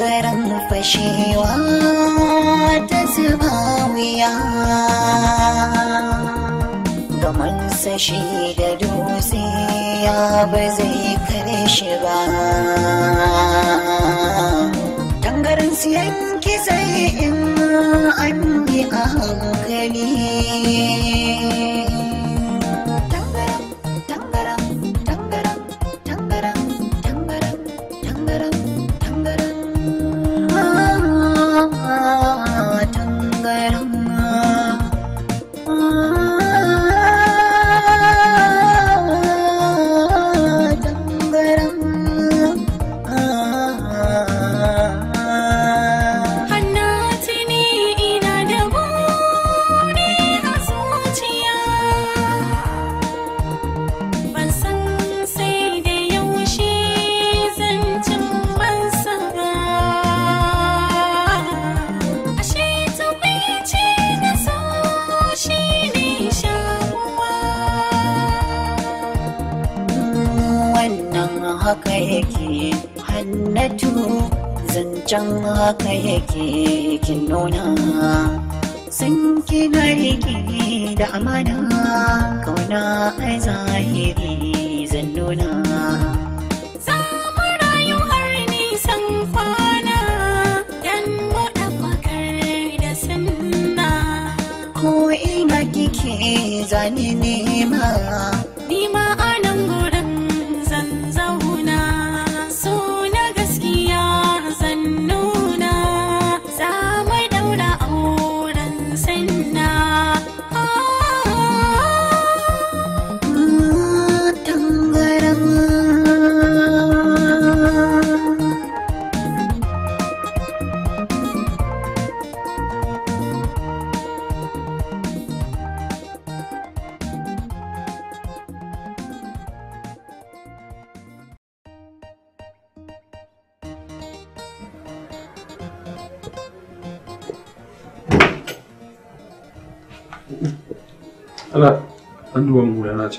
garin fashewa ta zuba wuya gaman sashi da dutse ya ba zai kare shi ba tangarin siyan kisai in an yi a hankali can haka yake kin nuna sun kina riki da amana kauna a zahiri zan nuna Ko ina kike zane nema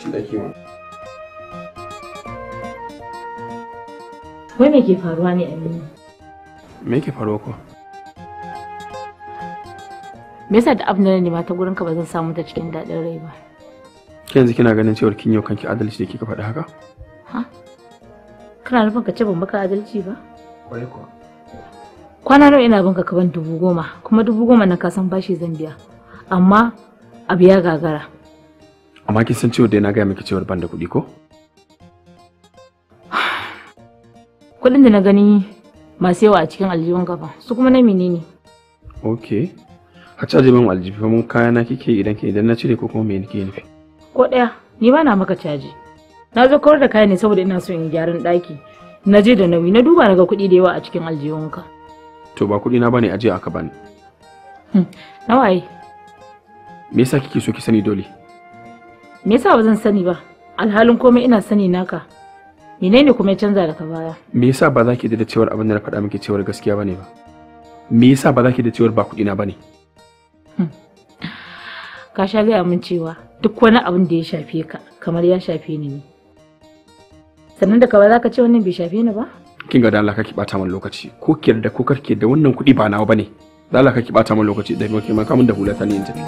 cikin ɗaki ma. Wai me ke faruwa ne Aminu? Me ke faruwa ko? Me yasa da abin da na nema ta gurin ka ba zan samu ta cikin daɗin rai ba? Ki yanzu kina ganin cewar kin yau kanki adalci da kika faɗi haka? Ha? Kana nufin ka ce ban maka adalci ba? Kwana nawa ina bin ka kaban dubu goma kuma dubu goma na ka san bashi zan biya amma abu ya gagara. Amma kin san cewa dai na gaya miki cewar ban da kuɗi ko? Kuɗin da na gani masu yawa a cikin aljihun gaba su kuma na menene? Ok. A caji min aljihu mun kaya na kike idan ke idan na cire ko kuma me nake nufi? Ko ɗaya ni ba na maka caji. Na zo kawar da kaya ne saboda ina so in gyaran ɗaki. Na je da nauyi na duba na ga kuɗi da yawa a cikin aljihunka. To ba kuɗi na bane aje aka bani. Hm, na waye? Me yasa kike so ki sani dole? me yasa ba zan sani ba alhalin komai ina sani naka menene kuma ya canza daga baya me yasa ba za ki da cewar abin da na faɗa miki cewar gaskiya bane ba me yasa ba za ki da cewar ba kuɗi na bane hmm. ka sha gaya min cewa duk wani abin da ya shafe ka kamar ya shafe ni ne sannan da ba za ka ce wannan bai shafe ni ba kin ga da Allah kake bata min lokaci ko kiyar da ko karke da wannan kuɗi ba nawa bane da Allah kake bata min lokaci da kuma kai ma da hulata ne in tafi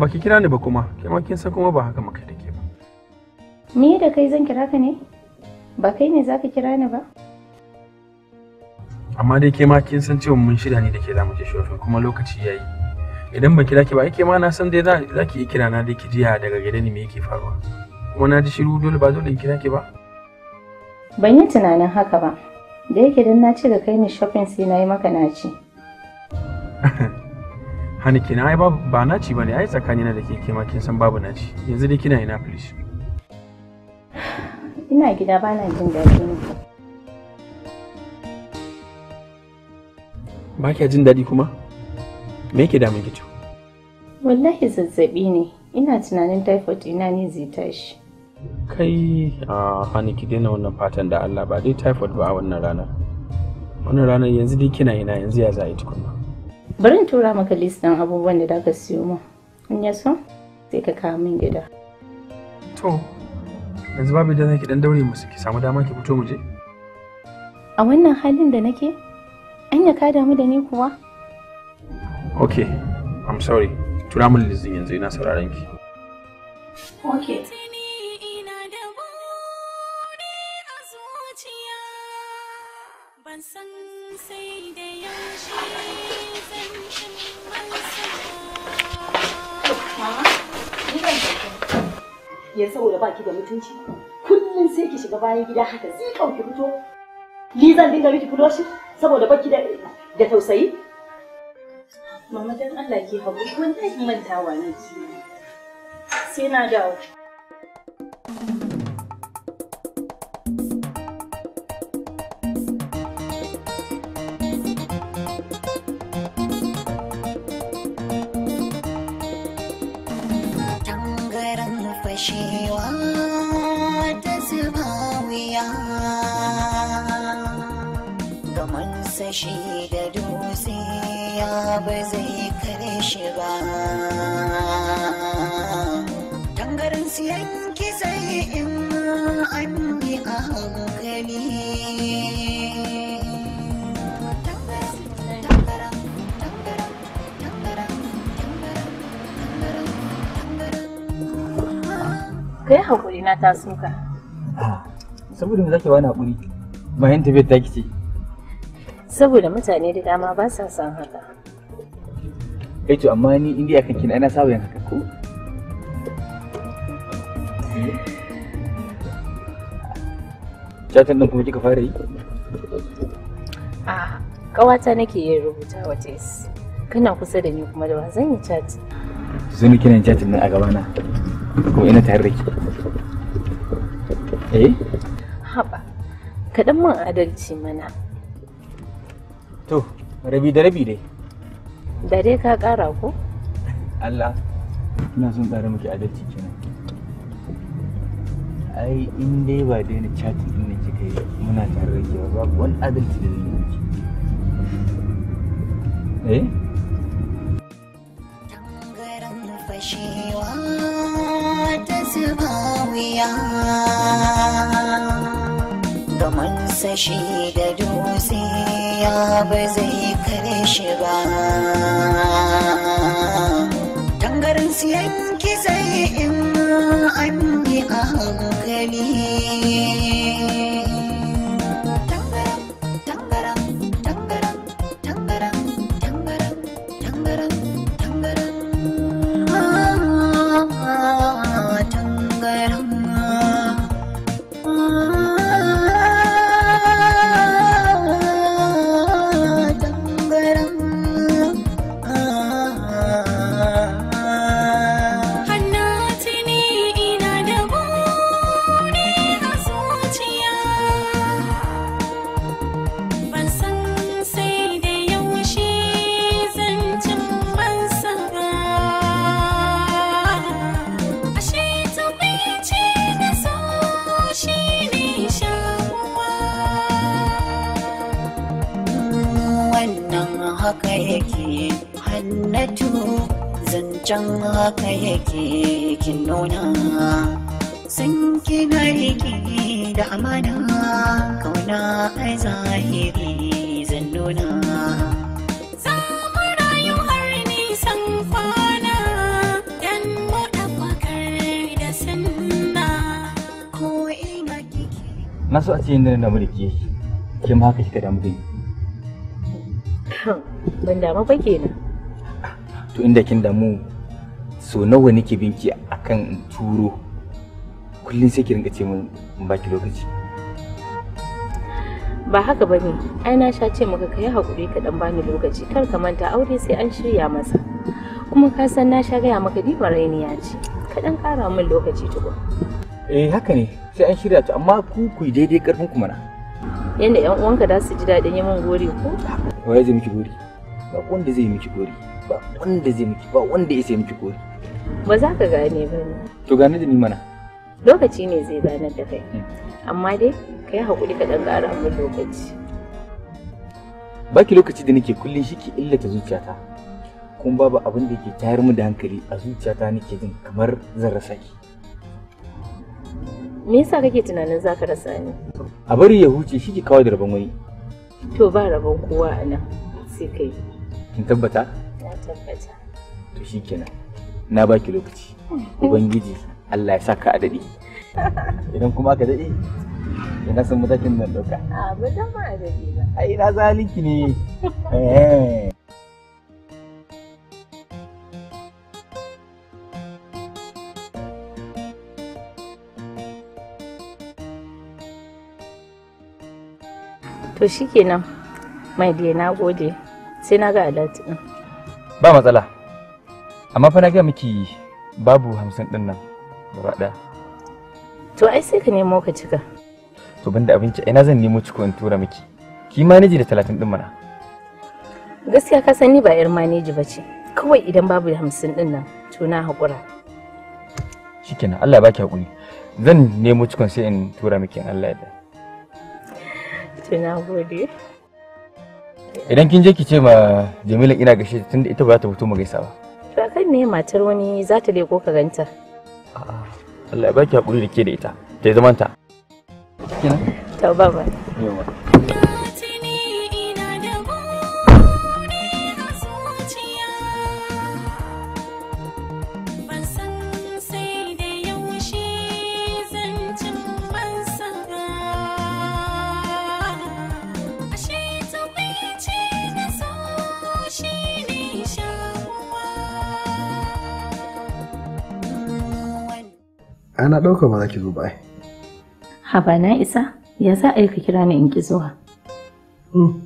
Ba ki kira ni ba kuma kima kin san kuma ba haka muka take ba ni da kai zan kira ka ne ba kai ne zaka kira ni ba amma dai ke ma kin san cewa mun shirya ne da ke zamu je shofin kuma lokaci yayi idan ban kira ki ba ke ma na san dai za ki yi kira na dai ki jiya daga gare ni me yake faruwa kuma na ji shiru dole ba dole in kira ki ba ban yi tunanin haka ba da yake dan na ce da kai ni shopping sai na yi maka naci hani kenan ai ba naci bane ai tsakanina da ke ma kin san babu naci yanzu dai kina ina please ina gida ba na jin daɗi ne ba kya jin daɗi kuma me yake damun ki wallahi zazzabi ne ina tunanin typhoid ina ne zai tashi kai a hani ki daina wannan fatan da Allah ba dai typhoid ba a wannan ranar wannan ranar yanzu dai kina ina yanzu ya za yi tukunna bari in tura maka listin abubuwan da zaka siyo mu in ya so sai ka kawo min gida to yanzu babu da zaki dan daure musu ki samu dama ki fito mu je a wannan halin da nake ya ka mu da ni kuwa okay i'm sorry tura min listan yanzu ina sauraron ki okay yanzu saboda baki da mutunci kullum sai ki shiga bayan gida haka tsikan ki fito ni zan dinga miki fuloshi saboda baki da da tausayi mama dan Allah ki haƙuri wallahi mantawa nake sai na dawo fashi da dutse ya ba zai kare shi ba tangarin siyan kisai in an yi a hankali ka yi haƙuri na taso ka. Ah, saboda me zaki wani haƙuri bayan tafiyar ta kice. saboda mutane da dama ba sa son haka Ai eh to amma ni a kan kina ana saba yin haka ko Chatan nan kuma kika fara yi? A kawata nake yin rubuta wa tes. Kana kusa da ni kuma da ba zan yi chat. Zuni kina chat nan a gabana. Kuma ina tare da ki. Eh? Haba. Kaɗan mun adalci mana. To, rabi da rabi dai. Da dai ka kara ko? Allah, ina son tsara miki adalci kenan. Ai, in dai ba daina chatin ɗin na kika yi muna tare da kewa ba, wani adalci da zai miki. Eh? Fashewa ta zuba wuya. gaman sashi da dutse ya ba zai kare shi ba tangarin siyan kisai in an yi a hankali na so a cikin da, na damu da ke ke ma haka kika damu da ni ban damu ba nan. to inda kin damu so nawa nake binki akan in turo kullum sai ki rinka ce min in baki lokaci ba haka ba ne ai na sha ce maka ka yi haƙuri ka dan bani lokaci kar ka manta aure sai an shirya masa kuma ka san na sha gaya maka diba rainiya ce ka dan ƙara min lokaci tukun eh haka ne sai an shirya ta amma ku ku daidai karfin ku mana yanda yan uwanka da su ji daɗin yi min gori ko wai zai miki gori ba wanda zai miki gori ba wanda zai miki ba wanda ya sai miki gori ba za ka gane ba ne to gane da ni mana lokaci ne zai ganar da kai hmm. amma dai ka yi haƙuri ka ɗan ƙara min lokaci baki lokaci da nake kullum shi ke illata zuciyata kuma babu abin da yake tayar mu da hankali a zuciyata nake jin kamar zan rasa ki me yasa kake tunanin zaka rasa ni a bari ya huce shi ki kawai da rabon wani to ba rabon kowa a nan sai kai kin tabbata na tabbata to shikenan na baki lokaci ubangiji Allah ya saka adadi idan kuma aka daɗe ina san matakin nan ɗauka a ba dama adadi ba ai na zaliki ne eh. to shikenan mai dear na gode sai na ga alert din ba matsala amma fa na ga miki babu hamsin din nan gaba daya to ai sai ka nemo ka cika to banda abinci ina zan nemo ciko in tura miki ki maneji da talatin din mana gaskiya ka san ni ba yar maneji ba ce kawai idan babu hamsin din nan to na haƙura shikenan Allah ya baki haƙuri zan nemo cikon sai in tura miki in Allah ya yarda ce na gode. Idan kin je ki ce ma Jamila ina gashi tunda ita ba za ta fito mu gaisa ba. To kan ne matar wani za ta leko ka ganta. A'a Allah ya baki hakuri da ke da ita. Ta yi zamanta. baba. Yawa. na ɗauka ba za ki zo ba ai. Haba na isa, ya za a yi ka kira ni in ki zuwa? Hmm,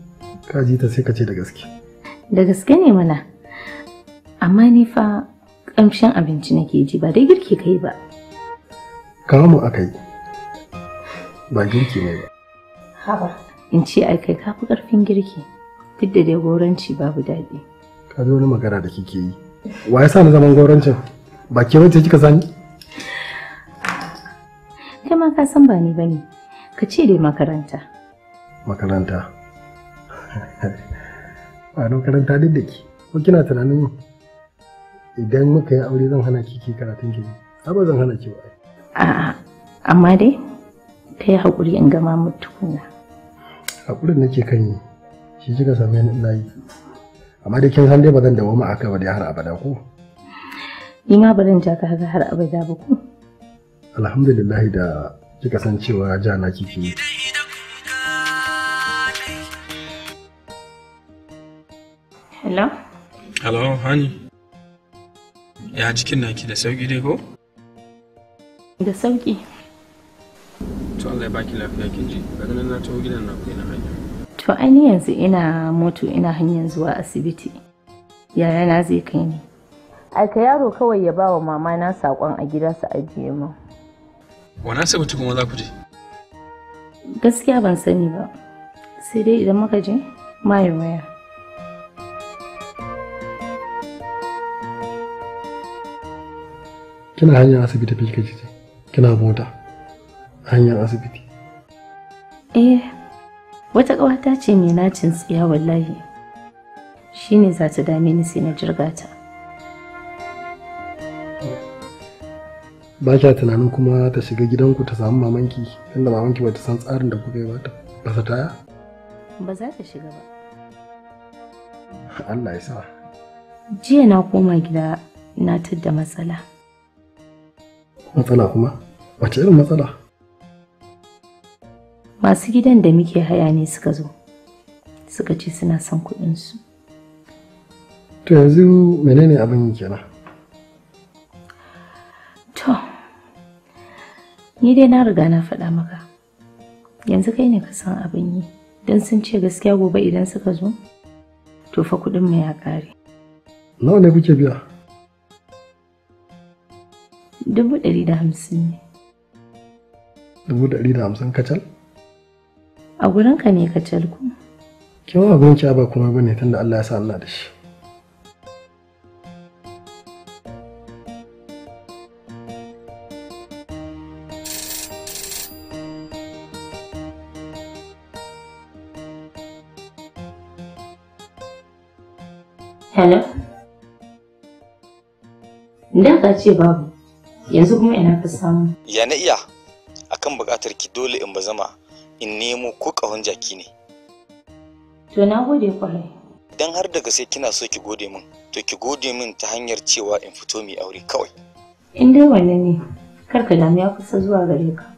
ka ji ta sai ka ce da gaske. Da gaske ne mana, amma ni fa ƙamshin abinci nake ji ba dai girki ka yi ba. Kawo mu aka yi, ba girki ne ba. Haba. In ce ai kai ka fi ƙarfin girki, duk da dai goranci babu daɗi. Ka zo wani magana da kike yi. Wa ya sa na zaman gorancin? Ba ke wacce kika sani? kai ma ka san ba ni ba ne ka ce dai makaranta makaranta ba makaranta duk da ke ko kina tunanin idan muka yi aure zan hana ki ki karatun ki ba zan hana ki ba a'a amma dai ka yi haƙuri in gama mutukuna haƙurin nake kan yi shi kika same ni ina yi amma dai kin san dai ba zan dawo ma aka ba dai har abada ko ni ma ba zan ja ka haka har abada ba ko alhamdulillah da kika san cewa na kike yi hello hello hani ya cikin naki da sauki dai ko da sauki to Allah ya baki lafiya kin ji daga nan na tawo gidan na ku ina hanya to ainihin yanzu ina moto ina hanyar zuwa asibiti yaya na zai kai ni aika yaro kawai ya ba wa mama na saƙon a gida su ajiye mu wani asibiti kuma za ku je gaskiya ban sani ba sai dai idan muka je maye waya kina hanyar asibiti fi kaci ce kina mota hanyar asibiti eh wata ƙawata ce mai nacin tsiya wallahi shine za ta dame ni sai na jirgata ba kya tunanin kuma ta shiga gidanku ta samu mamanki inda mamanki ba ta san tsarin da kuka yi ba ta taya ba za ta shiga ba Allah ya sa jiya na koma gida na tadda matsala matsala kuma wace irin matsala masu gidan da muke haya ne suka zo suka ce suna son kuɗinsu to yanzu menene abin kenan ni dai na riga na faɗa maka yanzu kai ne ka san abin yi don sun ce gaskiya gobe idan suka zo to fa kuɗin mu ya ƙare nawa ne kuke biya dubu ɗari da hamsin ne dubu ɗari da hamsin kacal a gurinka ne kacal ku kin wa gurin ba kuma bane tunda Allah ya sa Allah da shi Hello? Da ka ce babu, yanzu kuma ina ka samu. Ya na iya, akan buƙatar ki dole in ba zama in nemo ko ƙahon jaki ne. To na gode kwarai. Dan har daga sai kina so ki gode min, to ki gode min ta hanyar cewa in fito mai aure kawai. In dai wannan ne, kar ka damu ya kusa zuwa gare ka.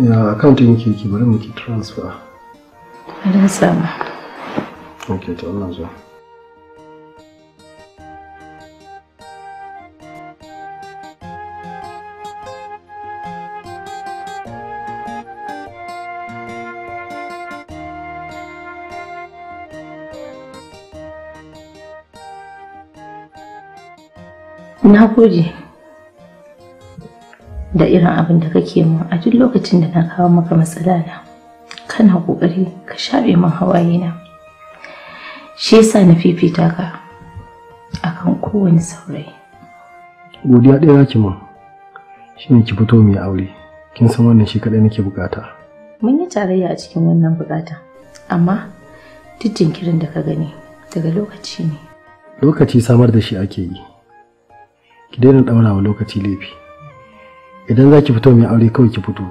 ya akawuntin yake yake bari muke transfer Allah sama ok to Allah zo Na gode. abin da kake mun a duk lokacin da na kawo maka matsala na kana kokari ka shafe min hawaye na shi yasa na fifita ka akan kowane saurayi godiya ɗaya zaki mun shine ki fito mai aure kin san wannan shi kaɗai nake bukata mun yi tarayya a cikin wannan bukata amma duk jinkirin da ka gani daga lokaci ne lokaci samar da shi ake yi ki daina ɗaura wa lokaci laifi idan za ki fito mai aure kawai ki fito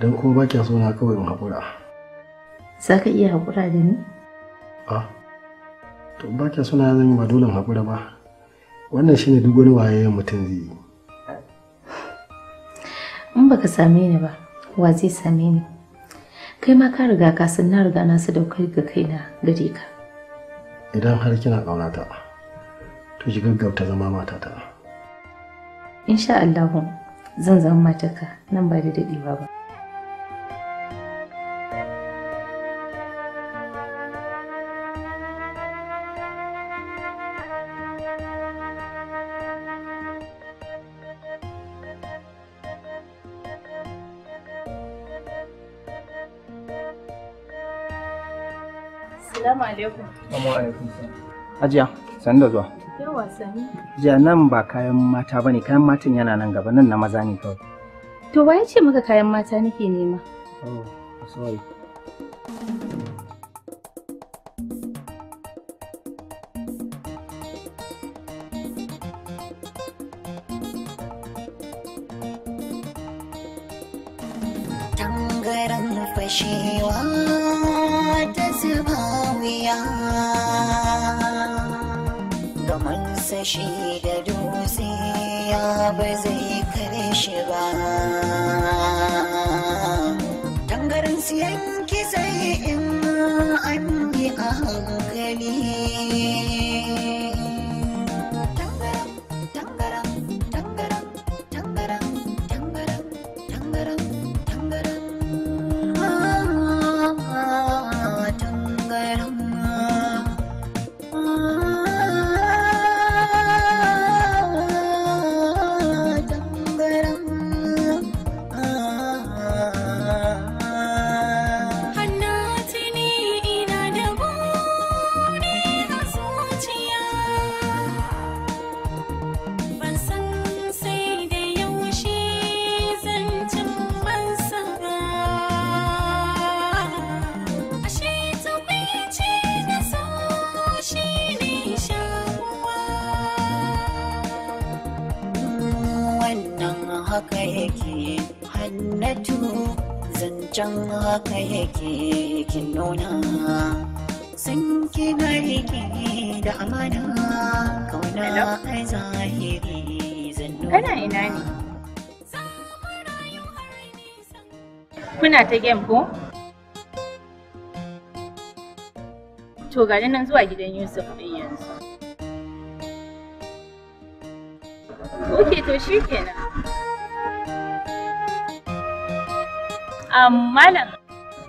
don kuma ba kya so na kawai in haƙura za ka iya haƙura da ni a to ba ki so na zan yi ba dole ba wannan shine duk wani waye mutum zai yi in baka same ni ba wa zai same ni kai ma ka riga ka san na riga na daukar ga na gare ka idan har kina ƙaunata to ki gaggauta zama matata insha Allah zan zama mataka nan ba da daɗewa ba. Assalamu alaikum. Assalamu alaikum. Ajiya, sanda zuwa. Ja nan ba kayan mata bane, kayan matan yana nan gaba nan na maza ne kawai. To ya ce maka kayan mata nake nema? Oh, sorry. shi da dutse ya ba zai ta ko? To gani nan zuwa gidan Yusuf ɗin yanzu. Ok to shi kenan. Um, Malam,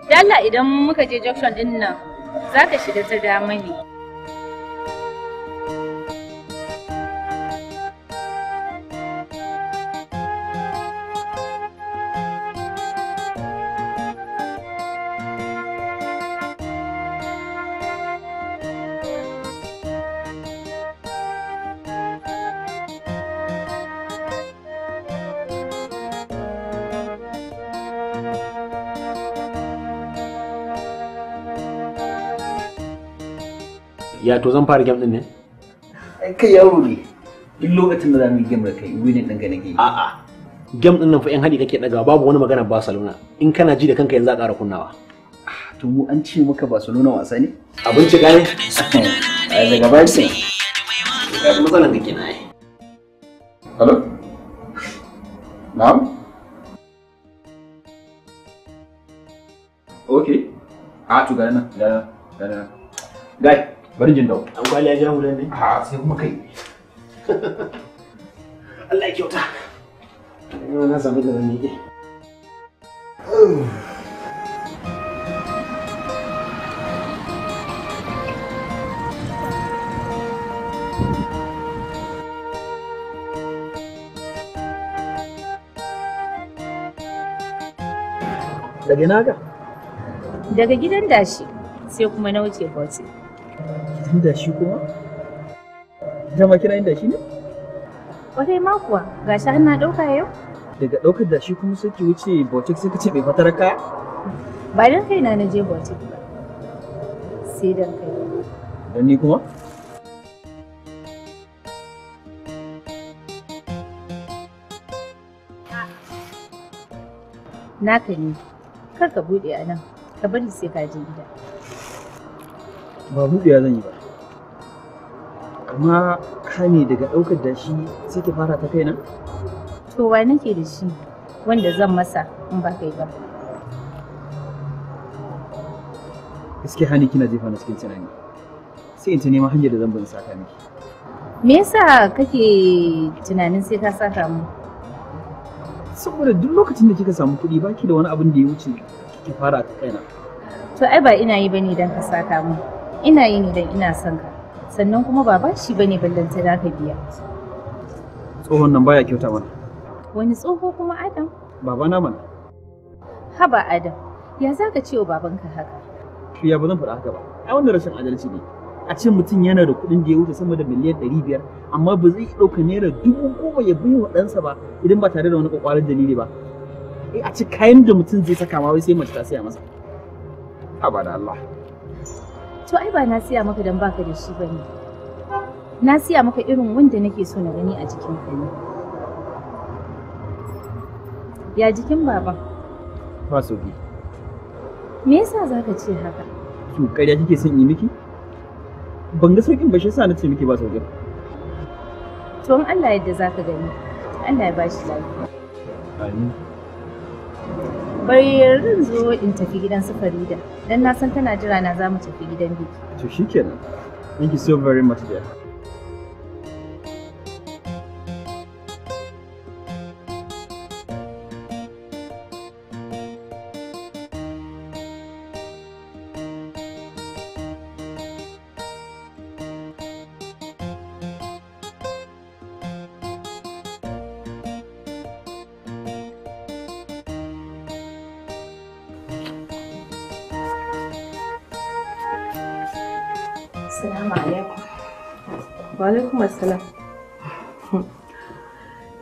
Dalla idan muka je junction ɗin nan, za ka shiga ta dama ne. ya to zan fara game din ne kai yaro ne duk lokacin da zamu game da kai wini din ga nake a a game din nan fa in hadi kake daga babu wani magana Barcelona in kana ji da kanka yanzu za ƙara kunnawa ah, to mu an ce maka Barcelona wasa ne abinci ai daga Barcelona matsalan kake na yi hello na'am okay a ah, to gana gana gana gai bari jin dawo an kwali ya ja hulan ne a sai kuma kai Allah ya kyauta na samu da zan yi Daga naga? Daga gidan dashi sai kuma na wuce bauti. Inda shi kuma? Ita ma kina inda shi ne? Kwarai ma kuwa, ga shi na ɗauka yau. Daga ɗaukar da shi kuma suke wuce botik suka ce bai fatar kaya? Ba dan kaina na je botik ba. Sai dan kai. Dan ni kuma? Naka ne, kar ka buɗe a nan, ka bari sai ka je gida. Ba buɗe zan yi ba. amma hani daga ɗaukar da shi sai ki fara ta kaina? To wa nake da shi wanda zan masa in ba kai ba. Iske hani kina jefa na cikin tunani. Sai in ta neman hanyar da zan bin saka miki. Me yasa kake tunanin sai ka saka mu? Saboda duk lokacin da kika samu kuɗi baki da wani abin da ya wuce ki fara ta kaina. To ai ba ina yi bane don ka saka mu. Ina yi ne don ina son ka. sannan kuma ba bashi bane ballanta za ka biya tsohon nan baya kyauta mana wani tsoho kuma adam baba na mana haba adam ya za ka ce wa babanka haka ya ba zan faɗa haka ba ai wannan rashin adalci ne a ce mutum yana da kuɗin da ya wuce sama da miliyan ɗari biyar amma ba zai ɗauka naira dubu goma ya bai wa ɗansa ba idan ba tare da wani ƙwaƙwalar dalili ba eh, a ci kayan da mutum zai saka ma wai sai mace ta siya masa haba da Allah To ai ba na siya maka don baka da shi bane. Na siya maka irin wanda nake so na gani a jikin ka ne. Ya jikin baban? Ba bi Me yasa zaka ce haka? to kariya kike son yi miki? Ban ga sauƙin ba shi yasa na ce miki ba sauƙin. To in Allah yadda zaka gani. Allah ya bashi lafiya. Amin. bari zo in tafi gidan su Farida dan na san tana jira na za mu tafi gidan biki to shikenan thank you so very much dear wassalam.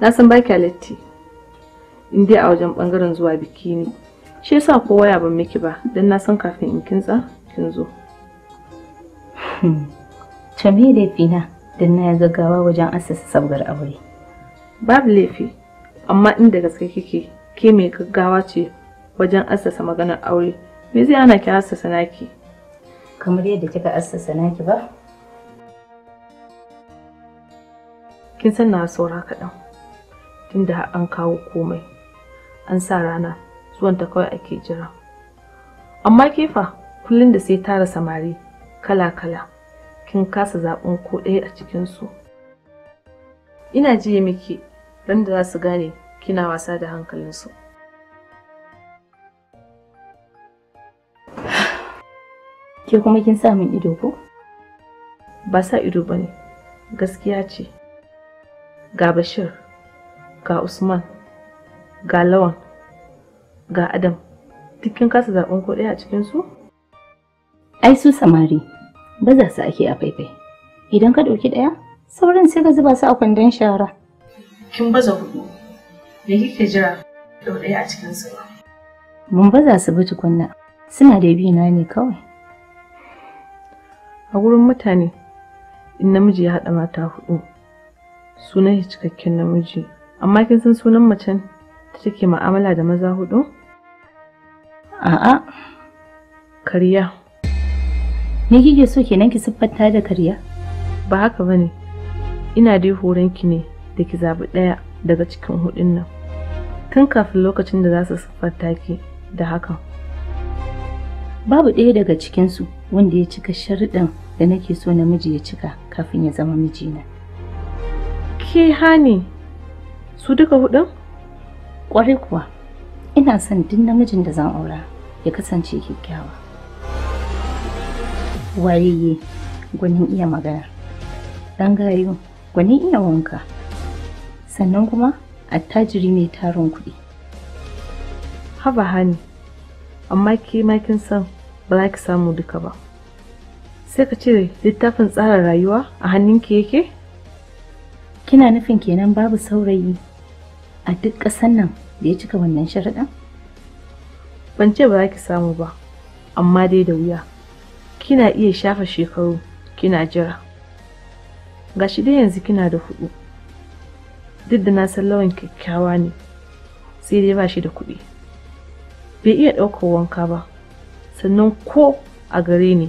Na san ba latti. In dai a wajen bangaren zuwa biki ne. Shi yasa ko waya ban miki ba, don na san kafin in kintsa kin zo. da fina don na gaggawa wajen asasa sabgar aure. Babu laifi, amma inda gaske kike ke mai gaggawa ce wajen assasa maganar aure me zai ana ki assasa naki kamar yadda kika assasa naki ba kin san na saura kaɗan tunda an kawo komai an sa rana zuwan ta kawai ake jira amma kefa kullum da sai tara samari kala-kala kin kasa zaɓin ko ɗaya a cikinsu ina jiye miki ran da za su gane kina wasa da hankalinsu ke kuma kin sa min ido ko ba sa ido ba ne gaskiya ce ga Bashir, ga Usman, ga Lawan, ga Adam, duk kin kasa zaɓen ko ɗaya a cikinsu? Ai su samari, ba za su ake a faifai. Idan ka ɗauki ɗaya, sauran sai ka zuba su a kwandon shara. Kin baza hudu, da kike jira ɗau ɗaya a cikinsu ba? Mun baza su bi tukunna, suna da bi na ne kawai. A wurin mutane, in namiji ya haɗa mata hudu, sunan shi cikakken namiji amma kin san sunan macen da take ma'amala da maza hudu a'a karya ni kike so kenan ki siffanta da karya ba haka bane ina dai horon ki ne da ki zabi daya daga cikin hudun nan tun kafin lokacin da za su siffanta ki da hakan babu ɗaya daga cikinsu wanda ya cika sharuɗan da nake so namiji ya cika kafin ya zama mijina ke yi hani su duka hudun? Ƙwarai kuwa, ina son duk namijin da zan aura ya kasance kyakkyawa. Wayayye gwanin iya magana, ɗan gari gwanin iya wanka, sannan kuma attajiri mai tarin kuɗi. Haba hani, amma ke makin san ba za ki samu duka ba. Sai ka ce littafin tsara rayuwa a hannunki yake? kina nufin kenan babu saurayi a duk ƙasan nan da ya cika wannan sharaɗin? ban ce ba za ki samu ba amma dai da wuya kina iya shafa shekaru kina jira gashi dai yanzu kina da hudu duk da na san lawan kyakkyawa ne sai dai ba shi da kuɗi bai iya ɗaukar wanka ba sannan ko a gare ni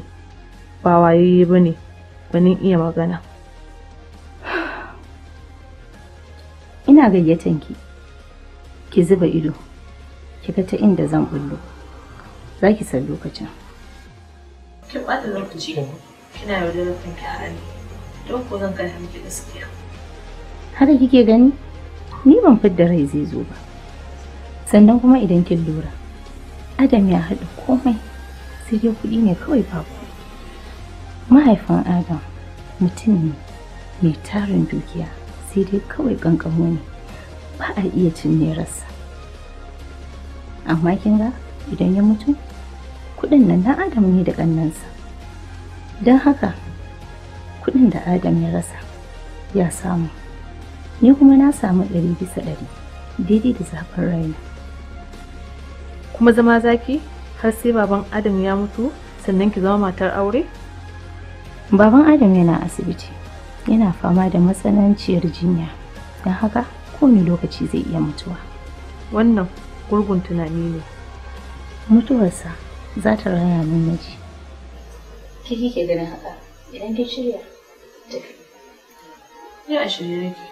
ba wayayye ba ne banin iya magana ina gayyatan ki ki zuba ido ki ga ta inda zan bullo za ki san lokacin ki ɓata lokaci kina yaudarar kanki a don ko zan kai miki gaskiya haka kike gani ni ban fidda rai zai zo ba sannan kuma idan kin lura adam ya haɗu komai sai dai kuɗi ne kawai babu mahaifin adam mutum ne mai tarin dukiya sai dai kawai kankamo ne ba a iya cin rassa. amma kin ga idan ya mutu kudin nan na adam ne da kannansa don haka kudin da adam ya rasa ya samu ni kuma na samu ɗari bisa ɗari daidai da zafin raina kuma zama zaki har sai baban adam ya mutu sannan ki zama matar aure baban adam yana asibiti yana fama da matsananciyar jinya don haka kowane lokaci zai iya mutuwa wannan gurgun tunani ne mutuwarsa za ta rana min naji ke ganin haka idan ke shirya tafi ni shirye nake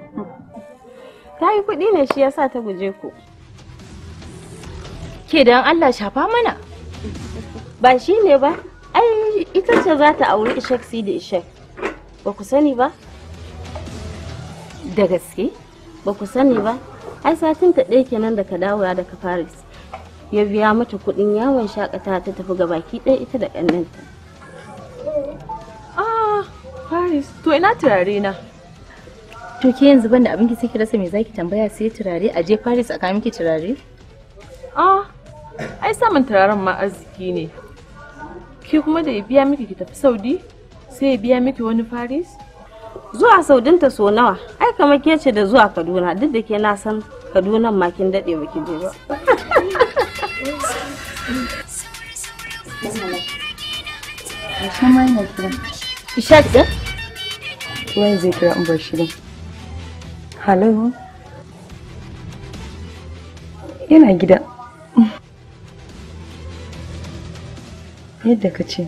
Ta yi kuɗi ne shi ya sa ta guje ku. Ke don Allah shafa mana. Ba shi ne ba, ai ita ce za ta auri Ishak si da Ishak. Ba ku sani ba? Da gaske? Ba ku sani ba? Ai satin ta ɗaya kenan da ka dawowa daga Paris. Ya biya mata kuɗin yawon shakata ta tafi baki ɗaya ita da ƙannanta. Ah, Paris, to ina turare na. To ke yanzu banda abin ki sai ki rasa me zaki tambaya sai turare a je Paris a kawo miki turare? Ah, ai samun turaren ma arziki ne. Ki kuma da ya biya miki ki tafi Saudi sai ya biya miki wani Paris? Zuwa ta so nawa, ai kamar ke ce da zuwa Kaduna duk da ke na san Kaduna ma kin ba ki je ba. Ishaq ɗin? Wani zai kira in bar shirin. Hello? Yana gida. Yadda ka ce.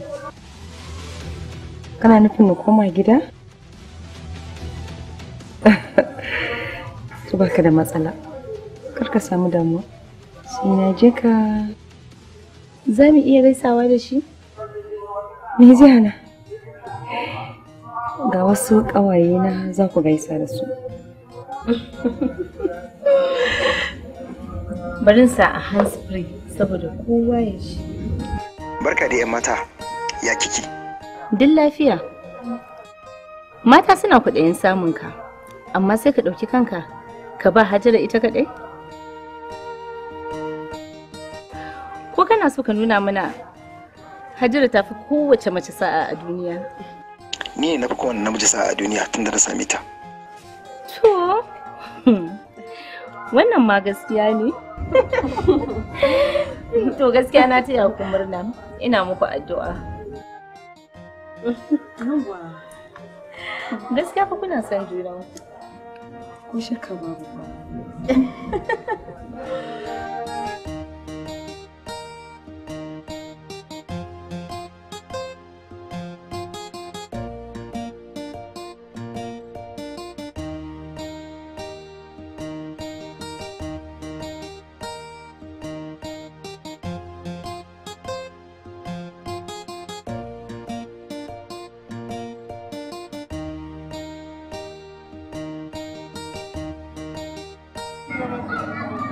Kana nufin mu koma gida? To baka da matsala. Kar ka samu damuwa. Sai na je ka. Za mu iya gaisawa da shi? Me zai hana? Ga wasu ƙawaye na za ku gaisa da su. Barin sa a hands saboda kowa ya shi. Barka da 'yan mata, ya kiki? Duk lafiya. Mata suna kwaɗayin samun ka, amma sai ka ɗauki kanka, ka ba Hajara ita kaɗai? Ko kana so ka nuna mana Hajara ta fi kowace mace sa'a a duniya? Ni ne na fi kowane namiji sa'a a duniya tun da na sami ta. To, Wannan ma gaskiya ne. To gaskiya na taya ku murna. Ina muku addu'a. Gaskiya fa kuna son juna. Ko shakka babu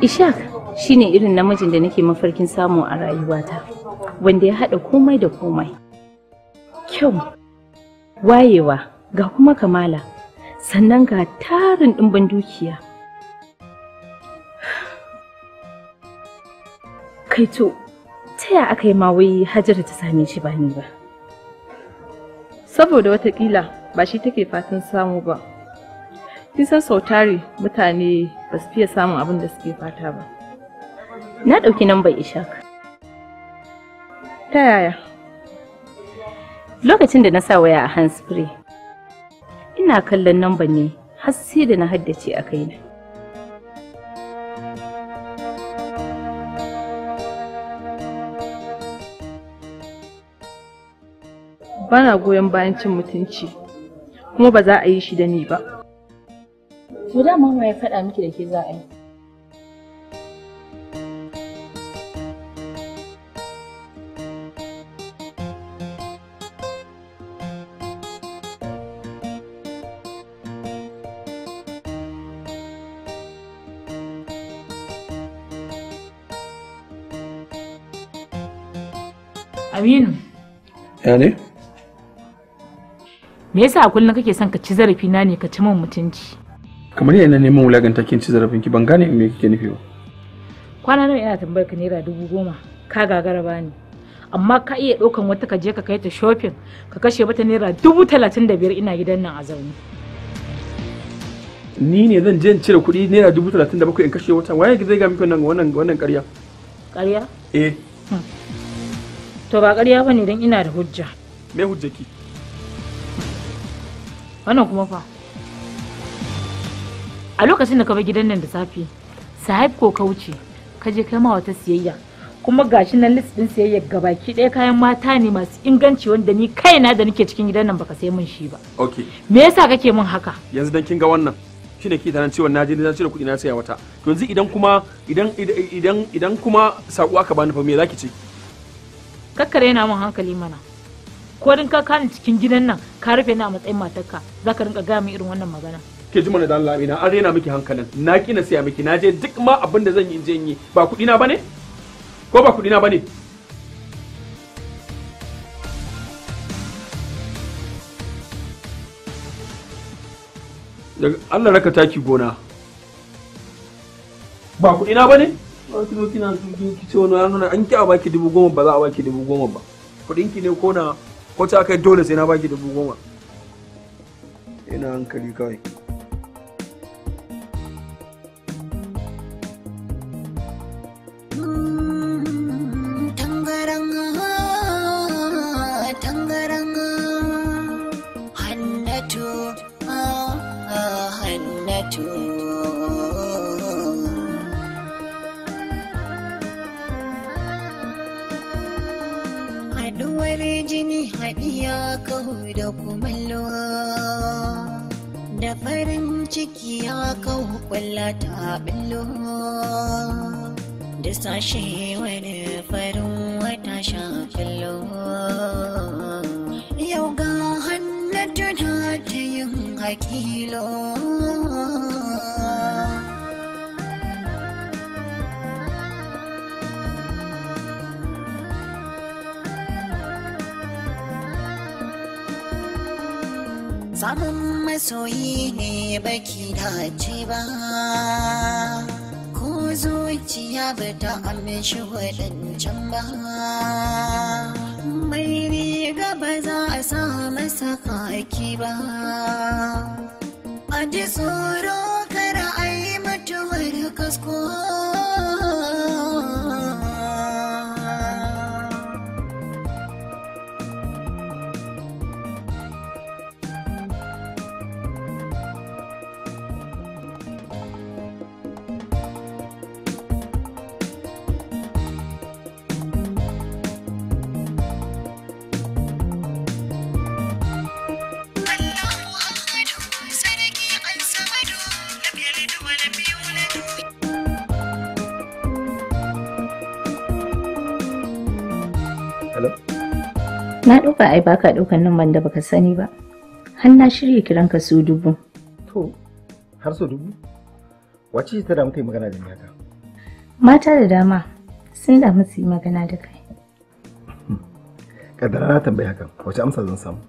Ishak shine irin namijin da nake mafarkin samu a rayuwata, wanda ya haɗa komai da komai. Kyau, wayewa, ga kuma kamala, sannan ga tarin ɗimbin dukiya. Kaito, to taya aka yi ma wai Hajara ta same shi ba ni ba? Saboda watakila ba shi take fatan samu ba. kisan sau tare mutane ba su fiye samun abin da suke fata ba na ɗauki nambar ishak ta yaya lokacin da na sa waya a handsfree ina kallon nambar ne har sai da na haddace a kaina bana goyon bayan cin mutunci kuma ba za a yi shi da ni ba To da mama ya faɗa miki da ke za a yi. Aminu. Ya ne? Me yasa kullum kake son ka ci zarafi na ne ka ci min mutunci? kamar yana neman wulaganta kin ci zarafin ki ban gane me kike nufi ba kwana nawa ina tambayar ka naira dubu goma ka gagara ni amma ka iya ɗaukan wata ka je ka kai ta shopping ka kashe mata naira dubu talatin da biyar ina gidan nan a zaune ni ne zan je in cire kuɗi naira dubu talatin da bakwai in kashe wata waye zai ga miki wannan wannan ƙarya ƙarya eh hmm. to ba ƙarya ba ne don ina da hujja me hujjaki wannan kuma fa a lokacin da ka bar gidan nan da safe sahib ko ka wuce ka je kai ma wata siyayya kuma gashi nan list din siyayya gabaki ɗaya kayan mata ne masu inganci wanda ni kaina da nake cikin gidan nan baka sai min shi ba okay me yasa kake min haka yanzu dan kin ga wannan shine ke tanan cewa na je na cire kuɗi na saya wata to yanzu idan kuma idan idan idan kuma sako aka bani fa me zaki ce kakkare yana min hankali mana ko din ka kani cikin gidan nan ka rufe ni a matsayin matarka zaka rinka gaya min irin wannan magana ke ji mana da Allah ina an rena miki hankalin na ki na siya miki naje duk ma abin da zan yi in je yi ba kudi na bane ko ba kudi na bane Allah raka taki gona ba kudi na bane ba ki zo kina zuki ki ce wani ranar an ki a baki dubu goma ba za a baki dubu goma ba kudin ki ne ko na ko ta kai dole sai na baki dubu goma ina hankali kawai Bature. Haɗuwar jini haɗiya kawo da kumallo da farin ciki ya kahu kwalla ta billo da sashewar farin wata shafillo yau ga magana ta yin hakilo Samun masoyi ne baki dace ba, ko zuciya ba ta amince waɗancan ba. saka aiki ba a ji tsoro kara a yi mutuwar kasko Na ɗauka ai baka ɗaukan nan da baka sani ba. Har na shirya kiran ka su dubu. To, har su dubu? Wace ce ta damu magana da ni haka? Mata da dama sun da musu yi magana da kai. Kadara na tambayi hakan, wace amsa zan samu?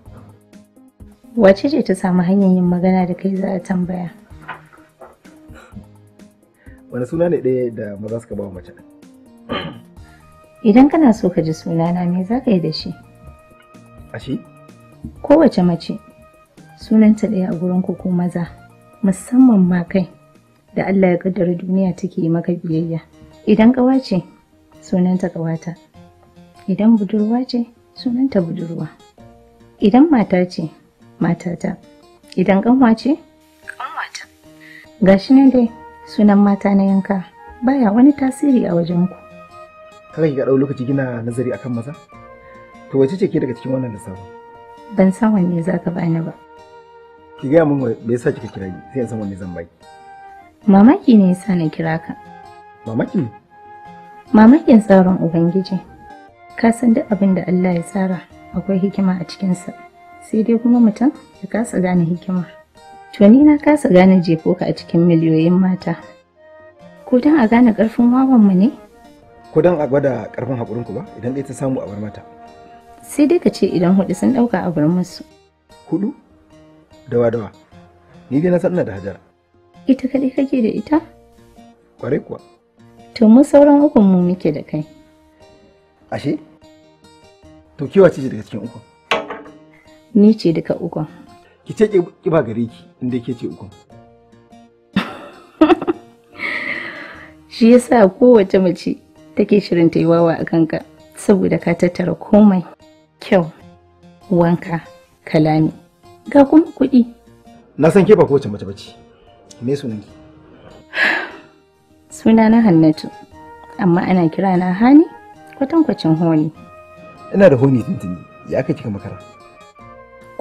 Wace ce ta samu hanyar yin magana da kai za a tambaya? Wani suna ne ɗaya da maza suka ba wa mace? Idan kana so ka ji sunana me za ka yi da shi? Ashe? Kowace mace sunanta ɗaya a gurin ku maza musamman ma kai da Allah ya kaddara duniya take maka biyayya. Idan ƙawa ce sunanta ƙawata. Idan budurwa ce sunanta budurwa. Idan mata ce matata. Idan ƙanwa ce ƙanwata. Gashi ne dai sunan mata na yanka baya wani tasiri a wajen ku. Kada ki ga ɗau lokaci gina nazari akan maza? To wace ce ke daga cikin wannan lissafin? Ban san wanne za ka bani ba. Ki gaya min me yasa kika kira ni sai in san wanne zan baki. Mamaki ne yasa na kira ka. Mamaki? Mamakin tsaron Ubangiji. Ka san duk abin da Allah ya tsara akwai hikima a cikinsa. Sai dai kuma mutum ya kasa gane hikima. To ni na kasa gane jeko ka a cikin miliyoyin mata. Ko dan a gane ƙarfin wawanmu ne? Ko dan a gwada ƙarfin haƙurinku ba idan ɗaya ta samu a bar mata. sai dai ka ce idan hudu sun dauka a musu hudu dawa dawa ni dai na san ina da hajara ita kadai kake da ita Kware kuwa to mu sauran ukun mu muke da kai ashe to wace ce daga cikin ukun ni ce duka ukun ki ce ki ba gare ki inda ke ce ukun shi yasa kowace mace take shirin ta yi wawa a kanka saboda ka tattara komai kyau wanka kalami ga kuma kuɗi na san ke ba kowace mace bace me sunan ki suna na hannatu amma ana kira na hani kwatankwacin honi ina da honi tuntuni ya aka kika makara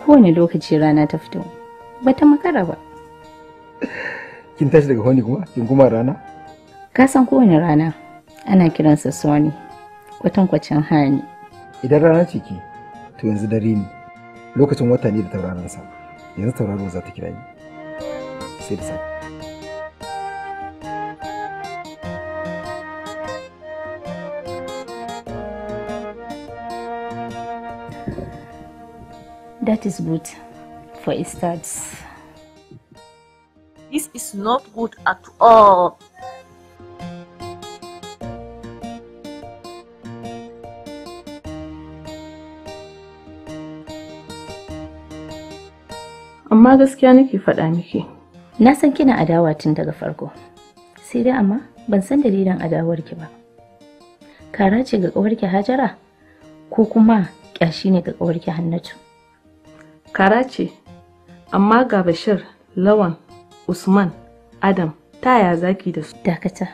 kowane lokaci rana ta fito bata makara ba kin tashi daga honi kuma kin kuma rana ka san kowane rana ana kiransa sony kwatankwacin hani idan rana ce ki to yanzu dare ne lokacin wata ne da tauraron sa yanzu tauraro za ta kira yi sai da safe That is good for a start. This is not good at all. amma gaskiya nake faɗa miki na san kina adawa tun daga farko sai dai amma ban san dalilin adawarki ba kara ce ga ƙawarki hajara ko kuma ƙyashi ne ga ƙawarki hannatu kara ce amma ga bashir lawan usman adam taya zaki da su dakata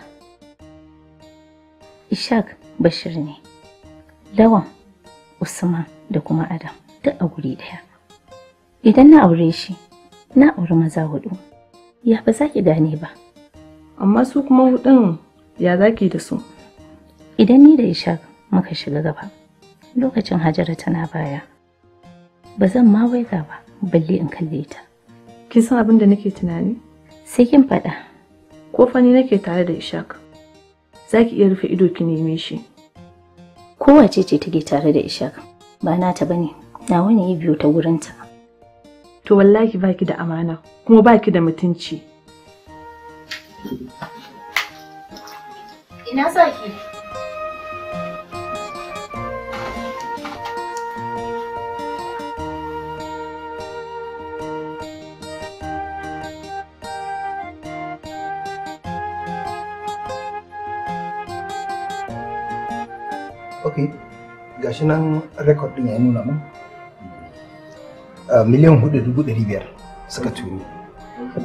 ishak bashir ne lawan usman da kuma adam duk a guri ɗaya Idan na aure shi, na aure maza hudu. Ya ba za ki gane ba. Amma su kuma hudun ya zaki da su? Idan ni da Ishaq muka shiga gaba, lokacin Hajara tana baya. Ba zan ma waiga ba, balle in kalle ta. Kin san abin da nake tunani? Sai kin faɗa. Ko fani nake tare da Ishaq. zaki iya rufe ido ki neme shi. Kowace ce take tare da Ishaq, ba nata bane, nawa ne biyo ta wurinta. to wallahi baki da amana kuma baki da mutunci ina saki Okay, gashi nan record din ya nuna mun. Eh, miliyan hudu dubu dari biyar suka turo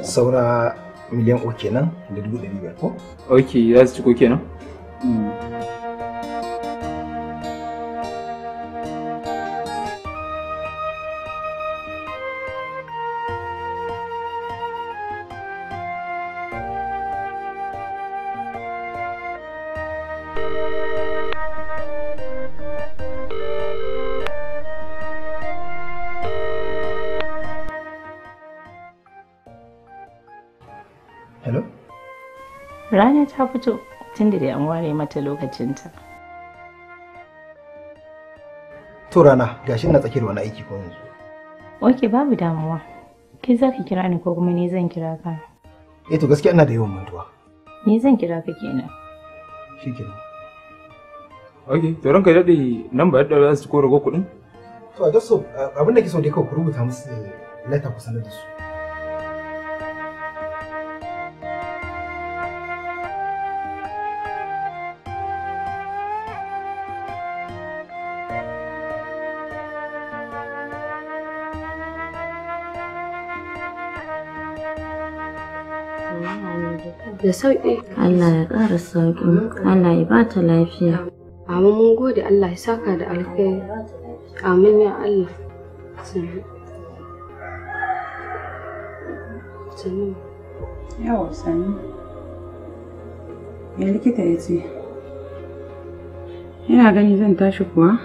saura miliyan uku kenan da dubu dari biyar ko? ok za su ko kenan? tun da dai an ware mata lokacinta to rana gashi na tsakiyar wani aiki ko yanzu ok babu damuwa ki za kira ni ko kuma ni zan kira ka eh to gaskiya ina da yawan mantuwa ni zan kira ka kenan shikenan ok to ranka ya daɗe namba ba yadda za su kora ko kuɗin to a jaso abinda da ke so dai ka rubuta musu leta ku sanar da su Da sauƙi. Allah ya ƙara sauƙi. Allah ya ba ta lafiya. Amin mun gode Allah ya saka da alkhairi. Amin ya Allah. Sannu. Yawa sannu. Ya likita ya ce. Ina gani zan tashi kuwa?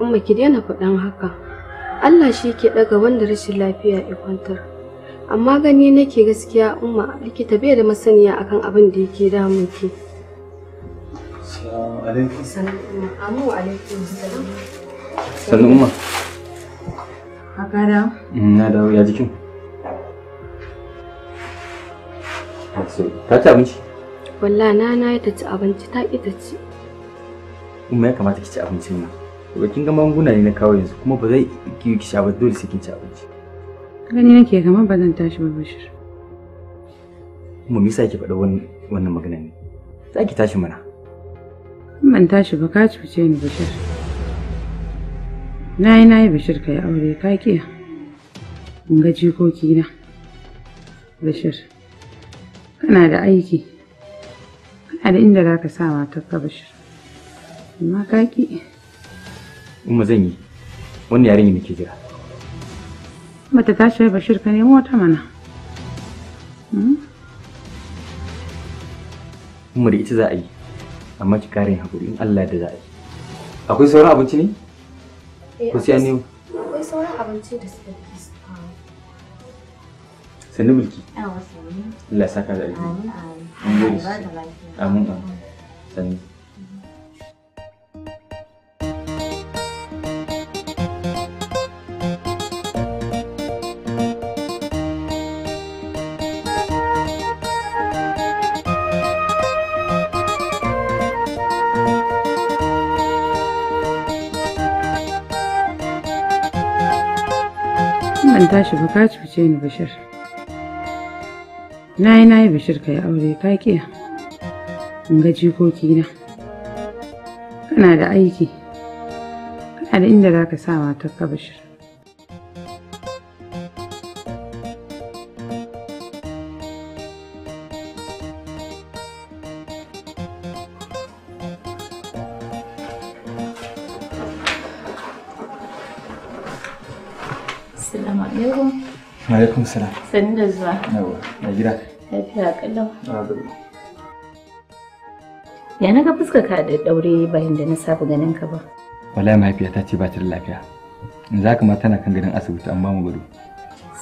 Umma ki daina faɗan haka. Allah shi ke ɗaga wanda rashin lafiya ya kwantar. amma gani nake gaskiya umma likita bai da masaniya akan abin da yake damun ki sannu umma haka mm, na dawo ya jikin ta ci abinci walla na na ta ci abinci ta ki ta ci umma ya kamata ki ci abincin nan kin ga magunguna ne na kawo yanzu kuma ba zai ki ki sha ba dole sai kin ci abinci gani nake kamar ba zan tashi ba bashir mu yasa ki faɗa wannan magana ne za ki tashi mana ban tashi ba ka cuce ni bashir na yi na yi bashir ka yi aure ka kiya in ga jikoki na bashir kana da aiki kana da inda za ka sa matarka bashir amma ka ki umma zan yi wannan yarinya nake jira bata tashi bashir ka nemo wata mana mu hmm? da ita za a yi amma ki karin hakuri in Allah da za a yi akwai sauran abinci ne eh, ko sai ne akwai sauran abinci da suka fi su mulki Allah saka da alheri amin amin tashi ba ka fice ni bashir na yi na yi bashir ka yi aure ka kiya in ga jikoki na kana da aiki kana da inda za ka sa matar ka bashir salam. Sani da zuwa. Yawa, na gida. Lafiya kalau. Ah, ya na ga fuska ka da daure bayan da na saba ganin ka ba. Wallahi mahaifiya ta ce ba ta da lafiya. In za ka ma tana kan gadon asibiti an ba mu gado.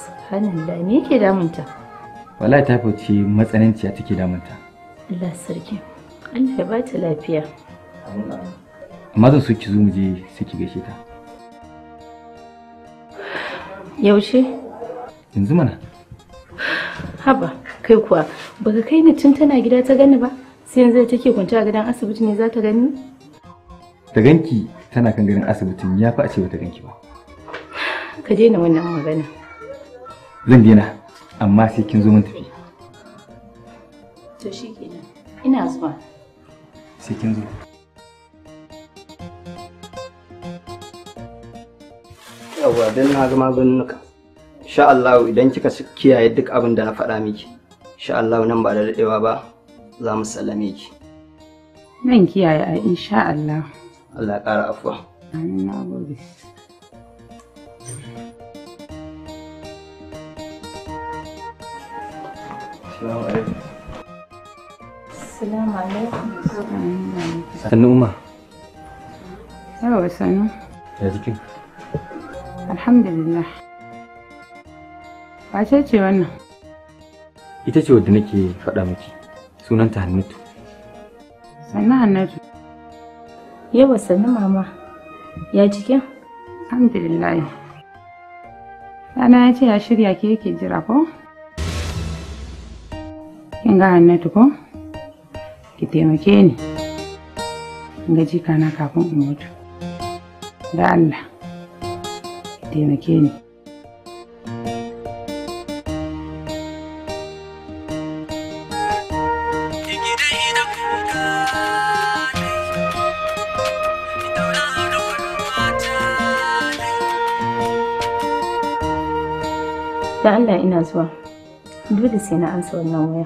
Subhanallah me yake damunta? Wallahi typhoid ce matsananciya take damunta. Allah sarki. Allah ya ba ta lafiya. Amma zan so ki zo mu je sai ki gaishe ta. Yaushe? yanzu mana haba kai kuwa baka kai ni tun tana gida ta gani ba sai yanzu da take kwanta a gidan asibiti ne za ta gani ta ganki tana kan garin asibitin ya fi a ce bata ganki ba ka daina wannan magana zan daina amma sai kin zo mun tafi to shikenan ina zuwa sai kin zo yawwa don na ga maganin sha Allah idan kika kiyaye duk abin da na faɗa miki sha Allah nan ba da daɗewa ba za mu sallame ki nan kiyaye a insha Allah Allah ƙara afuwa amin na gode Assalamu alaikum. Sannu Umar. Yawa sanu. Ya jikin? Alhamdulillah. Wace ce wannan? Ita ce wadda nake faɗa miki. Sunanta Hannatu. Sannu Hannatu. Yawa sannu mama. Ya jikin? Alhamdulillah. Ɗana ya ce ya shirya ke yake jira ko? Kin ga Hannatu ko? Ki taimake ni. Ga jikana kafin in mutu. Da Allah. Ki taimake ni. dole sai na ansa wannan waya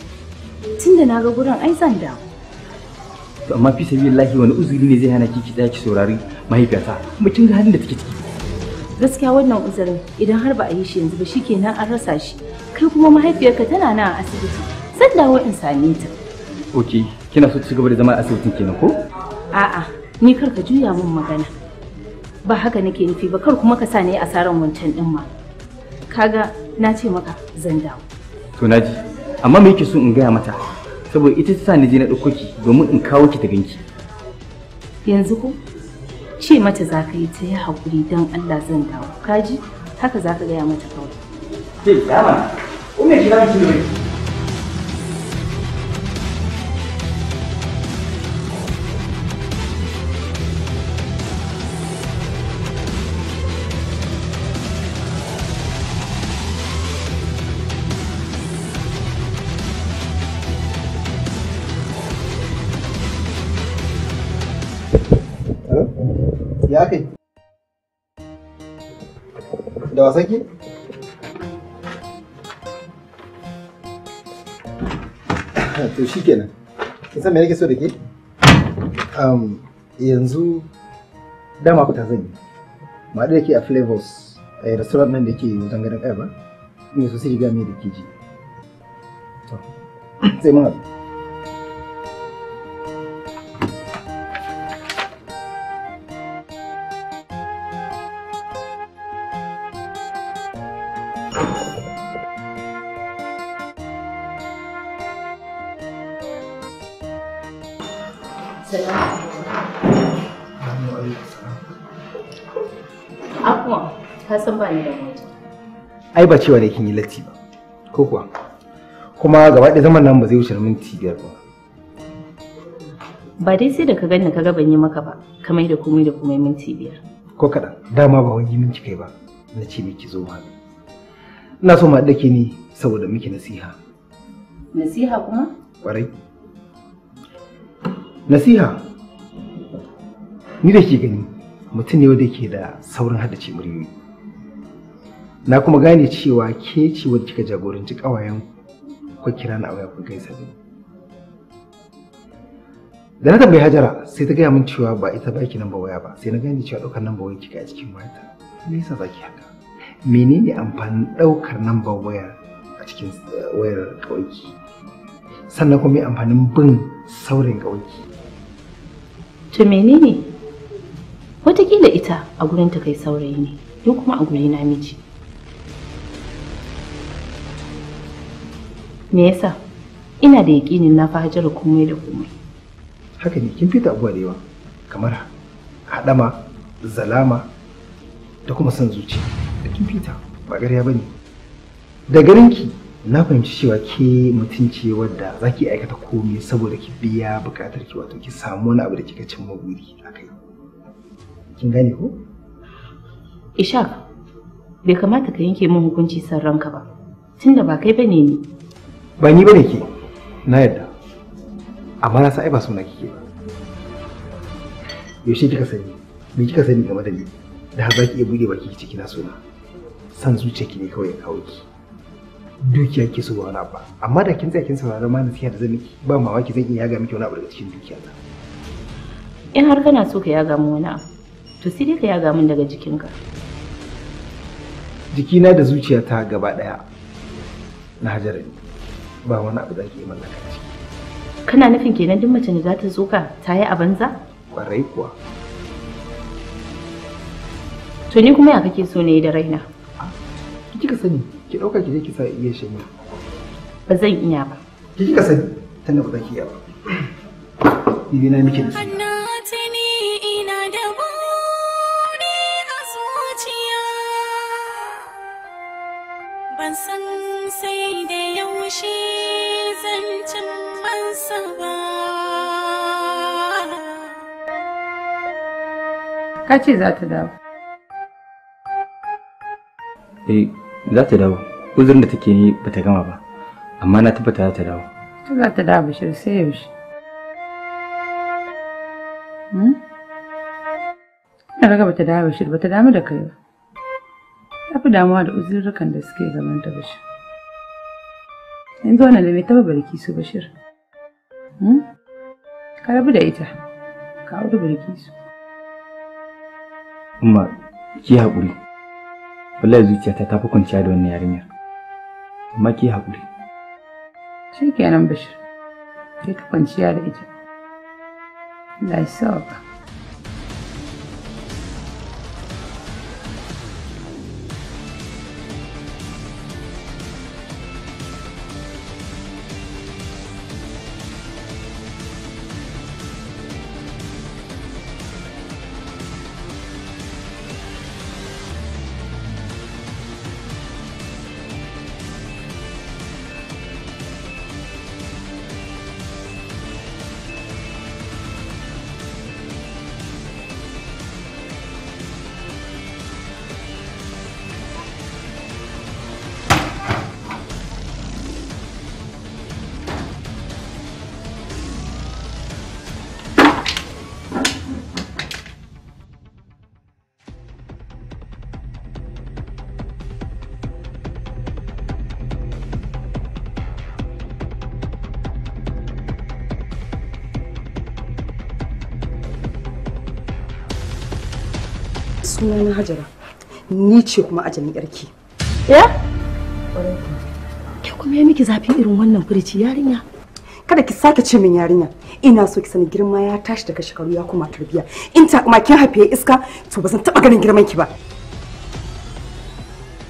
Tunda na ga gurin ai zan To amma fi lahi wani uzuri ne zai hana ki ki tsaya ki saurari mahaifiyata. Mutum ga halin da take ciki. Gaskiya wannan uzurin idan har ba a yi shi yanzu ba shikenan an rasa shi. Kai kuma mahaifiyarka tana nan a asibiti. Zan dawo in same ta. Ok, kina so ci gaba da zama a asibitin kenan ko? A'a, ni kar ka juya min magana. Ba haka nake nufi ba kar kuma ka sa ni asaran wancan din ma. Kaga na ce maka zan dawo. To naji. amma me yake so in gaya mata saboda ita ta ni je na ɗauko ki domin in kawo ki ta ganki yanzu ko ce mata za ka yi ta yi haƙuri don Allah zan dawo kaji haka za ka gaya mata kawai. dama, ume shi za ki ci da wasa to kin san me nake so da ke um yanzu dama fita zan yi ma da ke a flavors a restaurant nan da ke wajen gadon kai ba so sai ga me da ke ji to sai mun haɗu ai ba cewa ne kin yi latti ba ko kuwa kuma gaba ɗaya zaman nan ba zai wuce minti biyar ba ba dai sai da ka gani ka ga ban yi maka ba kamar da komai da komai minti biyar ko kaɗan dama ba wani minti kai ba na ce miki zo ma ina so ma dake ni saboda miki nasiha nasiha kuma Kwarai? nasiha ni da ke gani mutum ne wanda ke da saurin haddace ce muryoyi na kuma gane cewa ke ce wadda kika jagoranci kawayen ku kira na auya ku kai da da na tambayi hajara sai ta gaya min cewa ba ita ba ki namba waya ba sai na gane cewa ɗaukar namba waya kika a cikin wayata me yasa zaki haka menene amfanin ɗaukar namba waya a cikin eh, wayar ƙauki sannan kuma me amfanin bin saurin ƙauki to menene wataƙila ita a gurin ta kai saurayi ne ni kuma a guri na miji me yasa ina da yaƙinin na fa hajjar komai da komai haka ne kin fita abuwa da yawa kamar haɗama zalama da kuma son zuci da kin fita ba ƙarya ba ne da garinki na fahimci cewa ke mutunci ce wadda za ki aikata komai saboda ki biya buƙatar ki wato ki samu wani abu da kika cin maguri a kai kin gane ko ishaq bai kamata ka yanke min hukunci san ranka ba tunda ba kai bane ni ba ni bane ke na yadda amma na san ai ba suna kike ba yaushe kika sani me kika sani game da ni da har zaki iya bude baki ki ciki na suna san zuciyarki ne kawai ya kawo ki dukiya ke so wani ba amma da kin tsaya kin saurari ma nasiha da zan miki ba mamaki zan iya yaga miki wani abu daga cikin dukiya ta in har kana so ka yaga mu wani abu to sai dai ka yaga min daga jikinka jikina da zuciyata gaba daya na hajarani. ne ba wani abu zaki yi mallaka ciki kana nufin kenan duk mace da za ta tsoka ta yi a banza kwarai kuwa to ni kuma ya kake so ne da raina ah, ki kika sani ki dauka ki je ki sa iya shi ne ba zan iya ba ki kika sani tana ba zaki iya ba ni na miki da ban san Ka ce za ta dawo. Eh, za ta dawo. Uzurin da take yi ba ta gama ba, amma na tabbata za ta dawo. Ta za ta dawo Bashir sai yaushe. Hmm? Ina raga ba ta dawo Bashir ba ta damu da kai ba. Ta fi damuwa da uzurrukan da suke gaban ta Bashir. Yanzu wannan da mai taba barki su Bashir. Hmm? Ka rabu da ita, ka auri su. Amma ki haƙuri. Wallahi zuciyata ta fi kwanciya da wannan yarinyar. Amma ki haƙuri. Shi kenan Bashir, sai ta kwanciya da ita. Allah ya sa ce kuma a yarki ya ke kuma ya miki zafin irin wannan firici yarinya kada ki sake ce min yarinya ina so ki sani girma ya tashi daga shekaru ya kuma tarbiya in ta kuma kin haife iska to ba zan taba ganin girman ki ba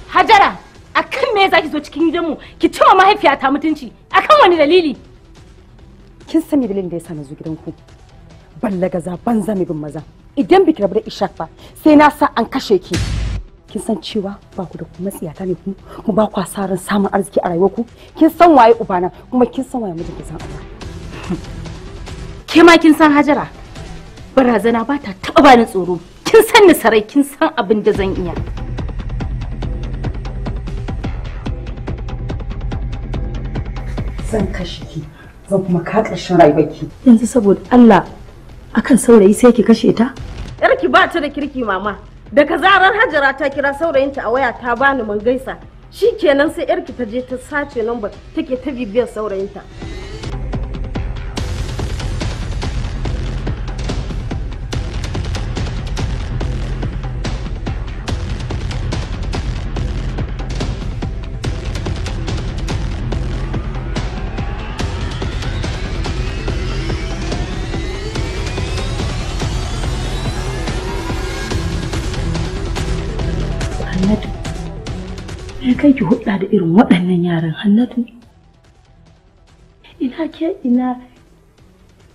Hajara akan me zaki zo cikin gidan mu ki ce wa mahaifiyata mutunci akan wani dalili kin sani dalilin da yasa na zo gidanku ballaga za banza mai bin maza idan biki rabu da Ishak ba sai na sa an kashe ki kin san cewa ba ku da kuma matsiyata ne ku? kuma ba kwa sa ran samun arziki a rayuwarku kin san waye ubana kuma kin san waye mijinki san Allah ke ma kin san Hajara barazana ba ta taba bani tsoro kin san ni sarai kin san abin da zan iya zan kashe ki zan kuma ka rayuwar rayuwarki yanzu saboda Allah akan saurayi sai ki kashe ta yarki ba ta da kirki mama daga zarar hajara ta kira saurayinta a waya ta bani mun gaisa kenan sai yarki ta je ta sace nan take ta bibiyar saurayinta kai ki hudda da irin waɗannan yaran hannatu ina ke ina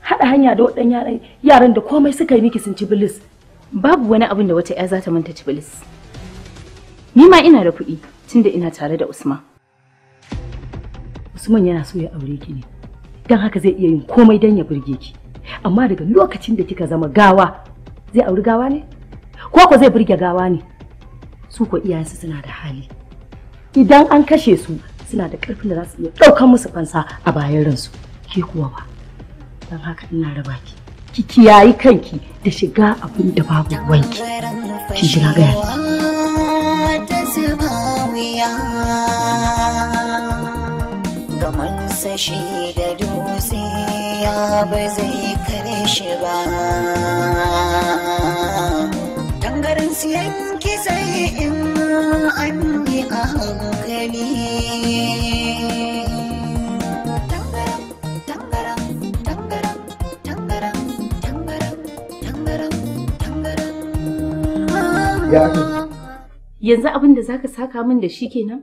haɗa hanya da waɗannan yaran yaran da komai suka yi miki sun ci bilis babu wani abin da wata ya za ta manta ci bilis ni ma ina da kuɗi tunda ina tare da usman usman yana so ya aure ki ne don haka zai iya yin komai don ya burge ki amma daga lokacin da kika zama gawa zai auri gawa ne ko ko zai burge gawa ne su ko iyayensu suna da hali idan an kashe su suna da ƙarfin da za su iya ɗaukar musu fansa a bayan ransu ke kuwa ba don haka ina raba ki ki kiyayi kanki da shiga abin da babu wanki shi jira gaya gamansa da ba zai kare shi ba su in an a hankali Yanzu abin da zaka saka min da shi kenan?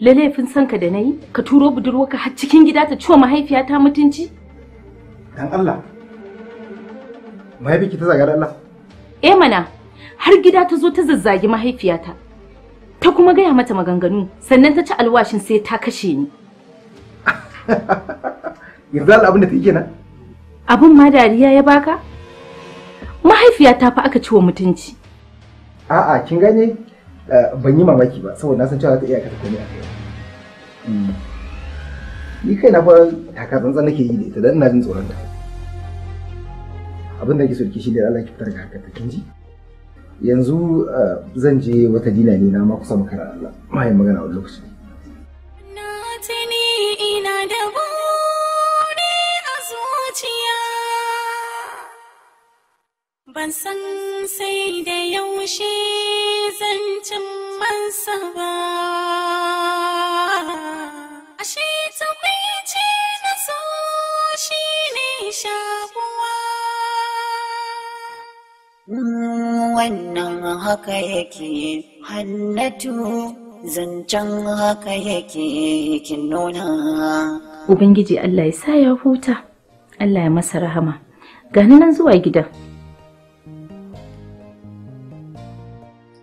laifin sanka da na yi ka turo budurwarka har cikin gida ta ciwo mahaifiyata mutunci? Dan Allah. Mahaifiyarki ta zagar Allah? Eh mana, har gida ta zo ta zazzagi mahaifiyata ta kuma gaya mata maganganu sannan ta ci alwashin sai ta kashe ni yanzu abin da ta yi kenan abin ma dariya ya baka mahaifiyata fa aka ci wa mutunci a'a kin gane eh, ban yi mamaki ba saboda na san cewa za ta iya kata ne a kai hmm. ni kai na fa taka tsantsan nake yi da ita dan ina jin tsoron ta abin da ke so ki shi da Allah ki fitar da haka kin ji yanzu ah, zan je wata dina ne na ma kusa makara Allah mai magana a lokaci ban san sai da yaushe zan cin mansa ba wannan haka yake hannatu zancen haka yake kin nuna ubangiji Allah ya sa ya huta Allah ya masa rahama gani nan zuwa gida.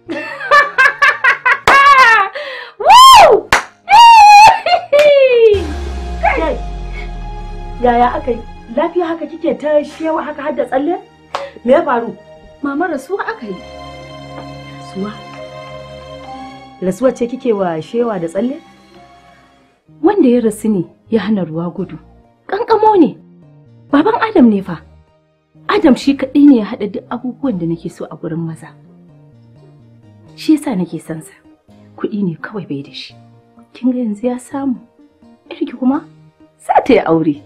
yaya aka yi lafiya haka kike ta shewa haka har da tsalle me ya faru mama rasuwa aka yi rasuwa rasuwa ce kike wa shewa da tsalle wanda ya rasu ne ya hana ruwa gudu Ƙanƙamo ne baban adam ne fa adam shi kaɗai ne ya haɗa duk abubuwan da nake so a gurin maza shi yasa nake son sa kuɗi ne kawai bai da shi kin ga yanzu ya samu ki kuma za ta yi aure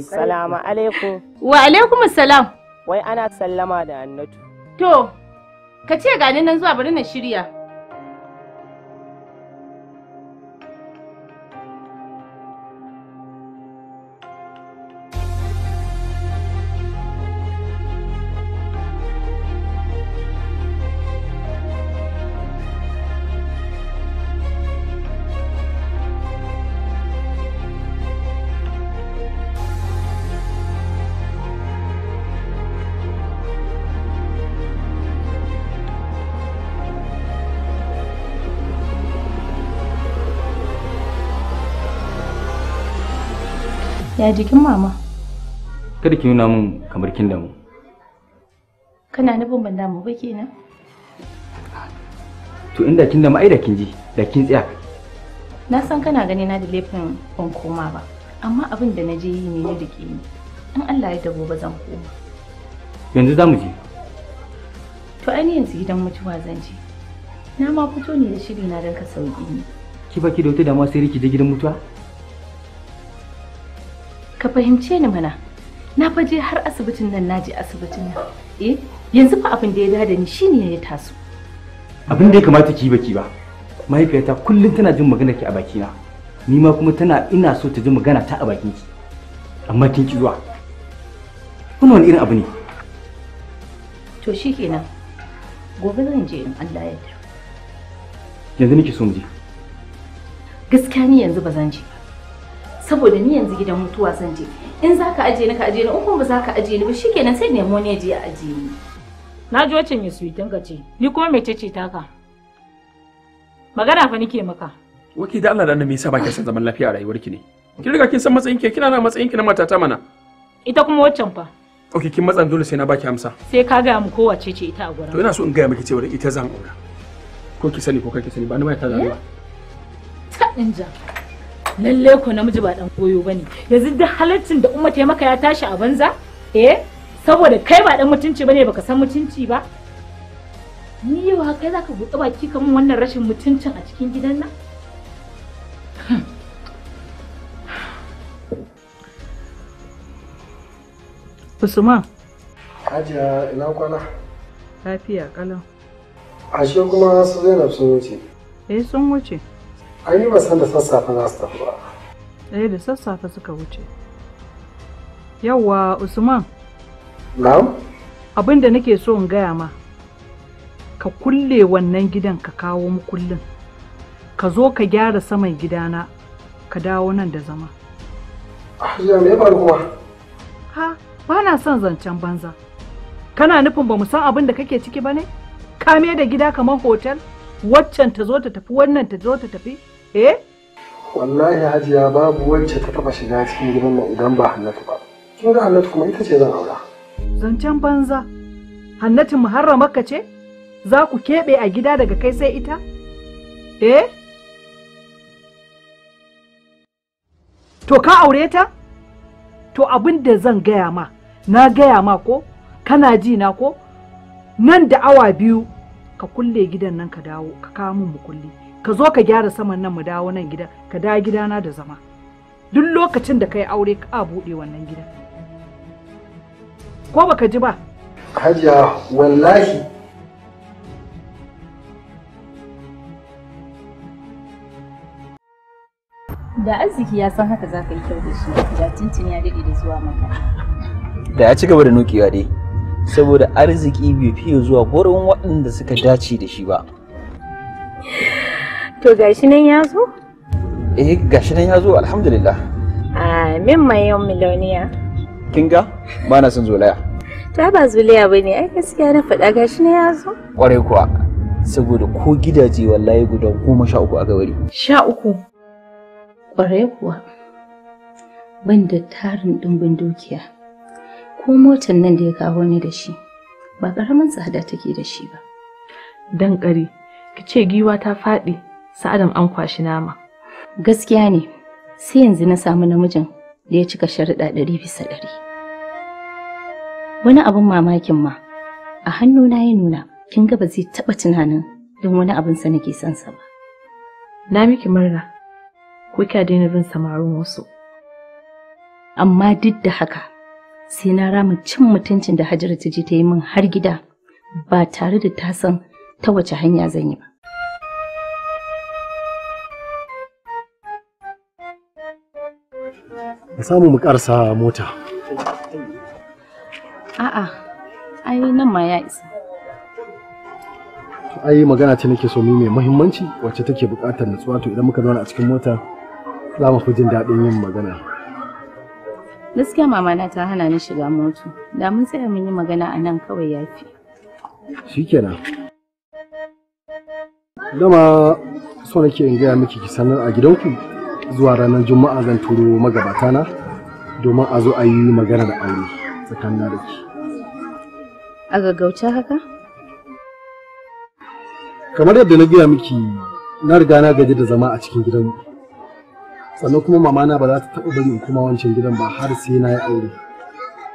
Salamu alaikum. Wa alaikum salam. wai ana sallama da annatu to ka ce gani nan zuwa bari na shirya ya jikin mama? Kada ki nuna min kamar kin damu. Kana nufin ban damu ba kenan? To inda kin damu ai da kin ji, da kin tsaya. Na san kana gani na da laifin ban koma ba, amma abin da na je yi ne da ke ni. In Allah ya dabo ba zan koma. Yanzu za mu je. To ai yanzu gidan mutuwa zan je. Na ma fito ne da shiri na don ka sauki ni. Ki baki da wata damuwa sai ki je gidan mutuwa? ka fahimce ni mana na faje har asibitin nan naji asibitin nan eh yanzu fa abin da ya da ni shine ya taso abin da ya kamata ki baki ba mahaifiyata kullum tana jin magana ki a bakina ni ma kuma tana ina so ta ji magana ta a bakin ki amma kin ki zuwa wannan wani irin abu ne to shikenan gobe zan je in Allah ya yarda yanzu nake so mu je gaskiya ni yanzu ba zan je saboda ni yanzu gidan mutuwa zan je in za ka ajiye ni ka ajiye ni in ba za ka ajiye ni ba shikenan sai nemo ne je aje ajiye ni na ji wacce mai suitin ka ce ni kuma mai ce taka magana fa nike maka waki da Allah da me yasa ba ki san zaman lafiya a rayuwarki ne kin riga kin san matsayin ki kina na matsayin ki na matata mana ita kuma waccan fa ok kin matsan dole sai na baki amsa sai ka ga mu ko wace ce ita a gurin to ina so in ga miki cewa ita zan aura ko ki sani ko kai ki sani ba ni ba ta zaruwa eh? ta inja lalle ko namiji ba dan koyo bane yanzu duk halaccin da umma ta maka ya tashi a banza eh saboda kai ba dan mutunci bane baka san mutunci ba ni yau haka zaka buɗe baki kaman wannan rashin mutuncin a cikin gidan nan hmm. Usman. Hajiya ina kwana. Lafiya kalau. Ashe kuma su Zainab sun wuce. Eh sun wuce. an yi san da sassafe za su tafi ba ɗaya eh, da sassafe suka wuce yawwa usman na'am abin da nake so in gaya ma ka kulle wannan gidan ka kawo mu kullum ka zo ka gyara saman gidana ka dawo nan da zama ah, ya me faru kuma ha ba na son zancen banza kana nufin ba mu san abin da kake ciki ba ne kame da gida kamar hotel waccan ta zo ta tafi wannan ta zo ta tafi Eh? Wallahi Hajiya babu wacce ta taba shiga cikin gidan nan idan ba Hannatu ba. Kin ga Hannatu kuma ita ce zan aura. Zancen banza. Hannatu muharramarka ce? Za ku keɓe a gida daga kai sai ita? Eh? To ka aure ta? To abin da zan gaya ma, na gaya ma ko? Kana ji na ko? Nan da awa biyu ka kulle gidan nan ka dawo ka kawo min mukulli. ka zo ka gyara saman nan mu dawo nan gida ka da gidana da zama duk lokacin da kai aure ka buɗe wannan gida ko baka ji ba hajiya wallahi da arziki ya san haka za ka yi kyau da shi da tintin ya daɗe da zuwa maka da ya ci gaba da nukewa dai saboda arziki bai fiye zuwa gurin waɗanda suka dace da shi ba To gashi nan ya zo? Eh gashi nan ya zo alhamdulillah. Amin mai yau miloniya. Kin ga? Ba na son zolaya. Ta ba zuliya ba ne, ai gaskiya na faɗa gashi na ya zo. Ƙwarai kuwa, saboda ko gidaje wallahi guda goma sha uku a gabari. Sha uku? Kwarai kuwa, ban da tarin ɗumbin dukiya. Ko motar nan da ya kawo ni da shi, ba ƙaramin tsada take da shi ba. Dankari, ki ce giwa ta faɗi, sa'adam an kwashi nama gaskiya ne sai yanzu na samu namijin da ya cika sharuɗa ɗari bisa ɗari wani abin mamakin ma a hannuna ya nuna kin ga ba zai taɓa tunanin don wani abin sa nake son sa ba na miki murna ko kya daina bin samarin wasu amma duk da haka sai na rama cin mutuncin da Hajara ta je ta yi min har gida ba tare da ta san ta wace hanya zan yi ba Ka samu mu karsa mota a'a ai nan ma ya isa ai magana ce nake so mu mai muhimmanci wacce take buƙatar nutsuwa to idan muka zauna a cikin mota za mu fi jin daɗin yin magana gaskiya mama na ta hana ni shiga moto da mun tsaya mun yi magana a nan kawai yafi shikenan dama so nake in gaya miki ki sanar a gidanku zuwa ranar juma'a zan turo magabata na domin a zo a yi magana da aure tsakanin da ke a gaggauta haka kamar yadda na gaya miki na riga na gaji da zama a cikin gidanmu sannan kuma mamana ba za ta taɓa bari in kuma wancan gidan ba har sai na yi aure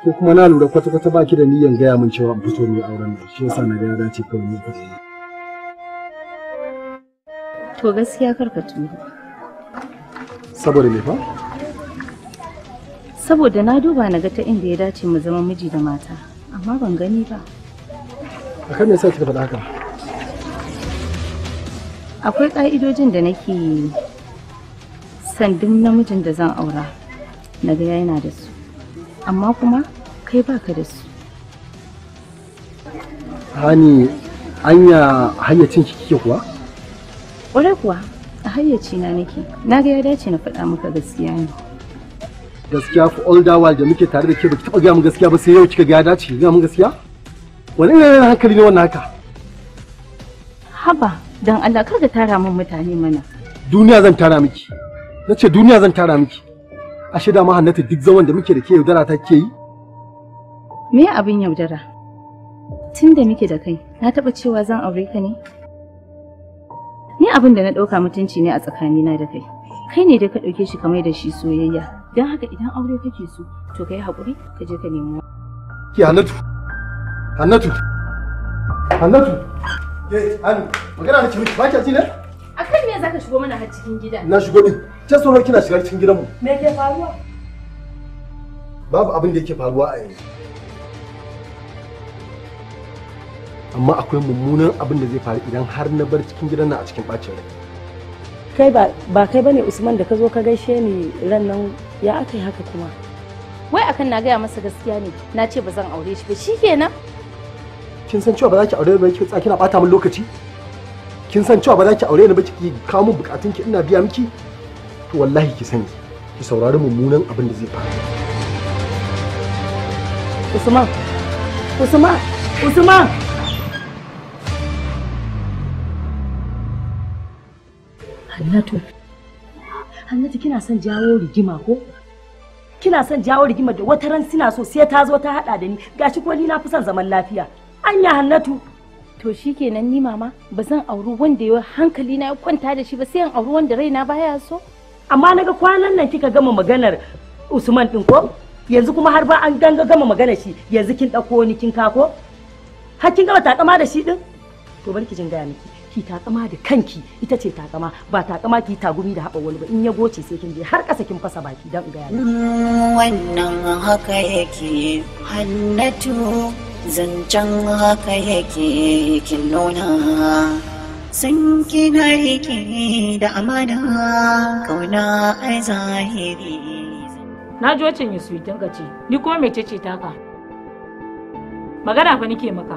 ko kuma na lura kwata-kwata ba ki da niyyar gaya min cewa in fito ne auren da shi yasa na ga ya dace kawai ne to gaskiya karka tuno saboda me fa saboda na duba na ga ta inda ya dace mu zama miji da mata amma ban gani ba akan me yasa kika faɗa haka akwai ƙa'idojin da nake sandin namijin da zan aura na ga yana da su amma kuma kai baka da su hani anya hanyar kike kuwa ƙwarai kuwa hayyaci na nake na ga ya dace na faɗa maka gaskiya ne gaskiya for all that while da muke tare da ke baki taɓa gaya mu gaskiya ba sai yau kika ga ya dace ga gaya gaskiya wani ne hankali ne wannan haka haba dan Allah kar ka tara min mutane mana duniya zan tara miki na ce duniya zan tara miki a da ma hannata duk zaman da muke da ke yaudara ta ke yi me abin yaudara tun da muke da kai na taɓa cewa zan aure ka ne Ni abin da na ɗauka mutunci ne a tsakanina da kai. Kai ne da ka ɗauke shi kamar da shi soyayya. Don haka idan aure kake so, to kai haƙuri ka je ka nemo. Ki Hannatu. Hannatu. Hannatu. Ke an magana nake miki ba ki ji ne? Akan me zaka shigo mana har cikin gidan. Na shigo din. Ta so kina shigar cikin gidanmu. Me ke faruwa? Babu abin da yake faruwa a yanzu. amma akwai mummunan abin da zai faru idan har na bar cikin gidan nan a cikin bacin rai kai ba ba kai bane usman da ka zo ka gaishe ni ran nan ya aka yi haka kuma wai akan na gaya masa gaskiya ne na ce ba zan aure shi ba shikenan kin san cewa ba za ki aure ba ki kina bata min lokaci kin san cewa ba za ki aure ni ba ki kawo min bukatun ki ina biya miki to wallahi ki sani ki saurari mummunan abin da zai faru Usman Usman Usman Hannatu. Hannatu kina son jawo rigima ko? Kina son jawo rigima da wata ran suna so sai ta zo ta hada da ni. Gashi ko ni na fi son zaman lafiya. Anya Hannatu. To shikenan ni mama ba zan auri wanda ya hankali na ya kwanta da shi ba sai an auri wanda raina baya so. Amma naga kwanan nan kika gama maganar Usman din ko? Yanzu kuma har ba an ganga gama maganar shi yanzu kin dauko ni kin kako? Har kin gama takama da shi din? To bari jin gaya miki. ki takama da kanki ita ce takama ba takama ki tagumi da haɓa wani ba in ya goce sai kin je har ƙasa kin fasa baki dan ga wannan haka yake hannatu zancen haka yake kin nuna sun kina yake da amana kauna a zahiri na ji wacce yi suyi ce ni kuma mece ce taka magana fa nike maka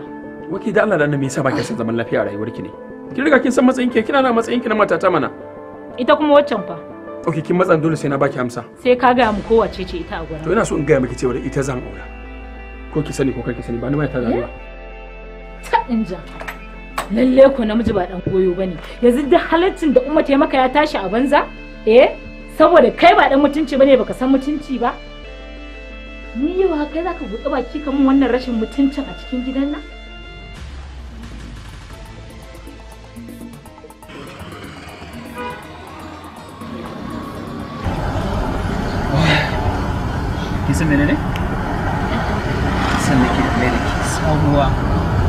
wakil da Allah da me yasa ba zaman lafiya a rayuwarki ne kin riga kin san matsayin ki kina na matsayin ki na matata mana ita kuma waccan fa ok kin matsan dole sai na baki amsa sai ka ga mu kowace ce ita a gurin to ina so in ga miki cewa ita zan aura ko ki sani ko kake sani ba ni mai ta zaruwa ta inja lalle ko namiji ba dan koyo bane yanzu duk halaccin da umma maka ya tashi a banza eh saboda kai ba dan mutunci bane baka san mutunci ba ni yau kai zaka buɗe baki kamun wannan rashin mutuncin a cikin gidan nan sun menene sannan ki mai da ke sabuwa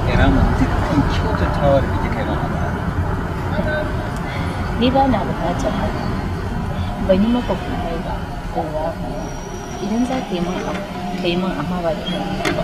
ya rama dukkan kyautatawa ni ba na bukatar ba ban maka kuma ba kowa idan za ka yi min amma ba da ba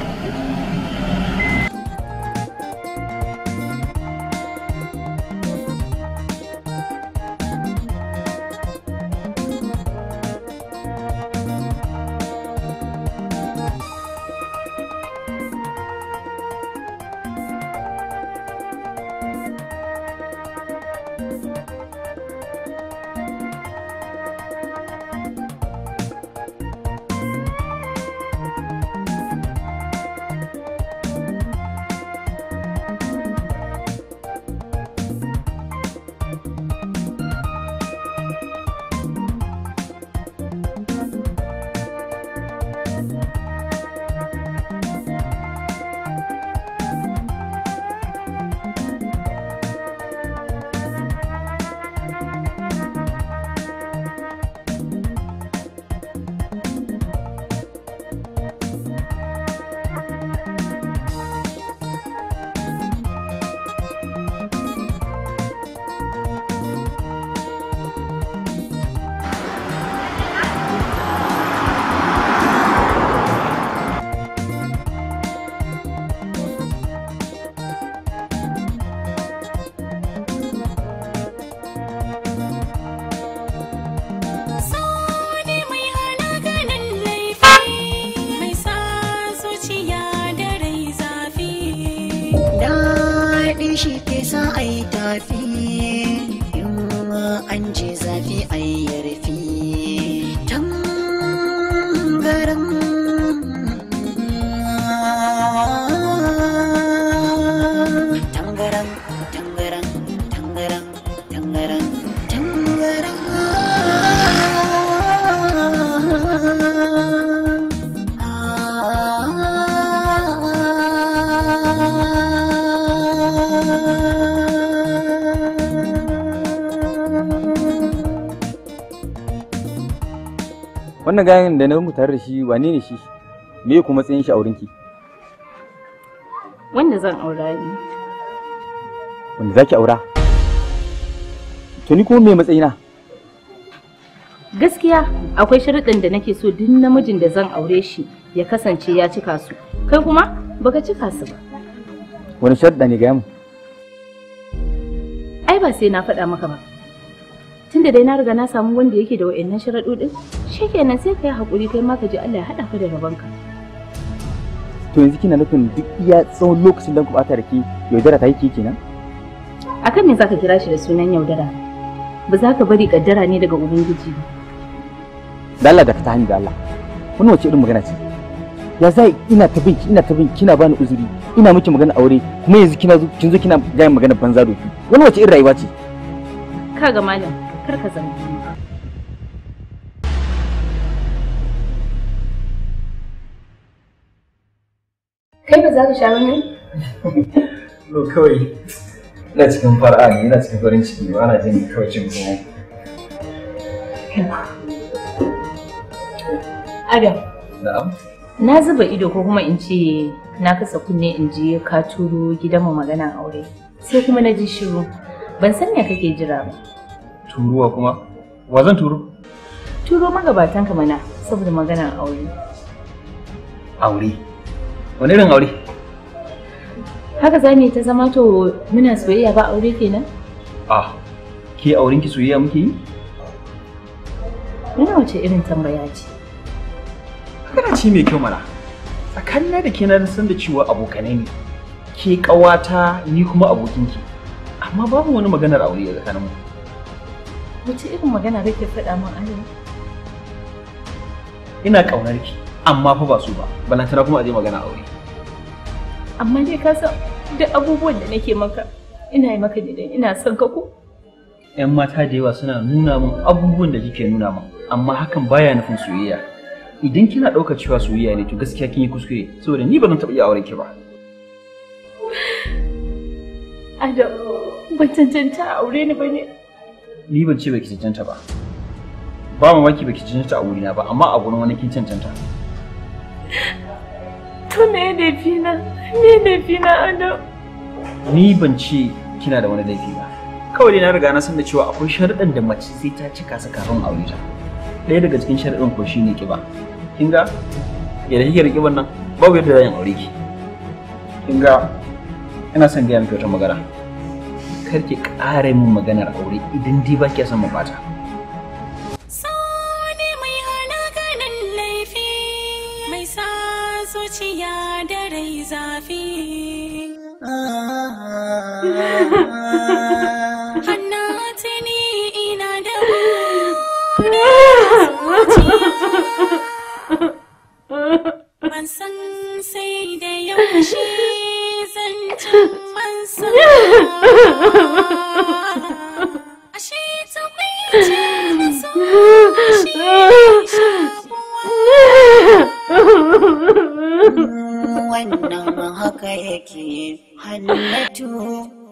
wannan gayan da na mutar da shi wane ne shi me kuma matsayin shi a wurin ki? wanda zan aura ni wanda zaki aura to ni kuma me matsayina gaskiya akwai sharuɗin da nake so duk namijin da zan aure shi ya kasance ya cika su kai kuma baka cika su ba wani sharuɗa ne ga mu ai ba sai na faɗa maka ba tunda dai na riga na samu wanda yake da wa'annan sharaɗoɗin shikenan sai ka yi haƙuri kai ma ka ji Allah ya haɗa ka da rabanka to yanzu kina nufin duk iya tsawon lokacin da ku bata da ke yaudara ta yi ke kenan akan me zaka kira shi da sunan yaudara ba za ka bari kaddara ne daga ubangiji ba da Allah da ka tahani da Allah wannan wace irin magana ce ya zai ina ta binki ina ta binki kina bani uzuri ina miki magana aure kuma yanzu kina zo kin zo kina ga magana banza doki wannan wace irin rayuwa ce kaga malam kar ka zambi kai ba za ka sha wani no kawai ina cikin fara'a ne ina cikin farin ciki ba na jin kawai cin komai adam na'am na zuba ido ko kuma in ce na kasa kunne in je ka turo gidanmu maganan aure sai kuma na ji shiru ban san me kake jira ba turuwa kuma wa zan turo turo magabatan ka mana saboda maganan aure aure wani irin aure haka za mu ta zama to muna soyayya ba aure kenan ah ke auren ki soyayya muke yi yana wace irin tambaya ce kana ci mai kyau mana tsakanin da ke na san da cewa abokanai ne ke kawata ni kuma abokinki amma babu wani maganar aure a mu wace irin magana kake faɗa min ina ƙaunar ki amma fa ba su ba balantana kuma a je magana aure amma dai ka san duk abubuwan da nake maka ina yi maka dai, ina son ka ko yan mata da yawa suna nuna min abubuwan da kike nuna min amma hakan baya nufin soyayya idan kina ɗaukar cewa soyayya ne to gaskiya kin yi kuskure saboda ni ba zan taɓa iya auren ki ba Adam, ban cancanta aure ni ba ne. Ni ban ce ki cancanta ba. Ba mamaki baki cancanta a wurina ba, amma a gurin wani kin cancanta. To me laifina? Me laifina Adam? Ni ban ce kina da wani laifi ba. Kawai dai na riga na san da cewa akwai sharuɗan da mace sai ta cika su kafin aure ta. Ɗaya daga cikin sharuɗan ko shine kiba. Kin ga? da kike da kiban nan babu yadda zan aure ki. Kin ga? Ina son gaya miki wata magana. Kar ki ƙara min maganar aure idan dai ba ki son mu bata. ban san sai da yaushe zan can ashe ta wannan haka yake hannatu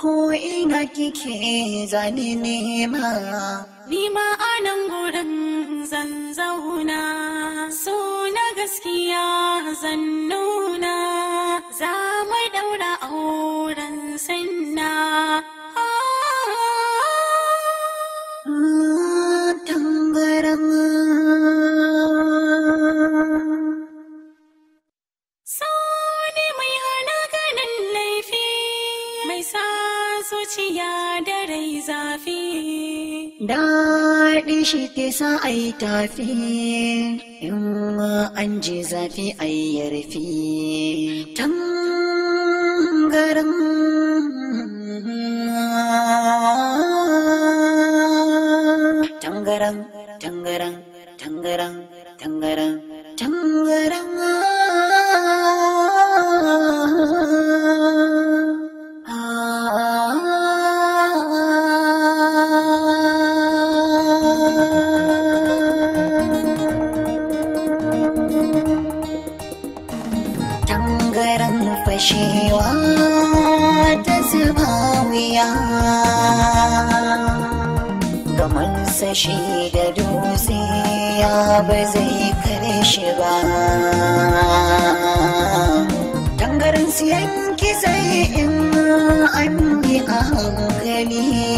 ko ina kike zani nema ni ma anan gurin zan zauna so na gaskiya zan nuna za mu daura auren sanna daɗi shi ke sa a yi tafi in ma an ji zafi a yi yarfi tangaran tangaran tangaran tangaran tangaran tangaran tangaran shi da dutse ya ba zai kare shi ba dangarin siyan kisai in an yi a hankali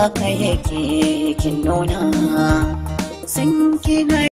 haka yake kin nuna sun kina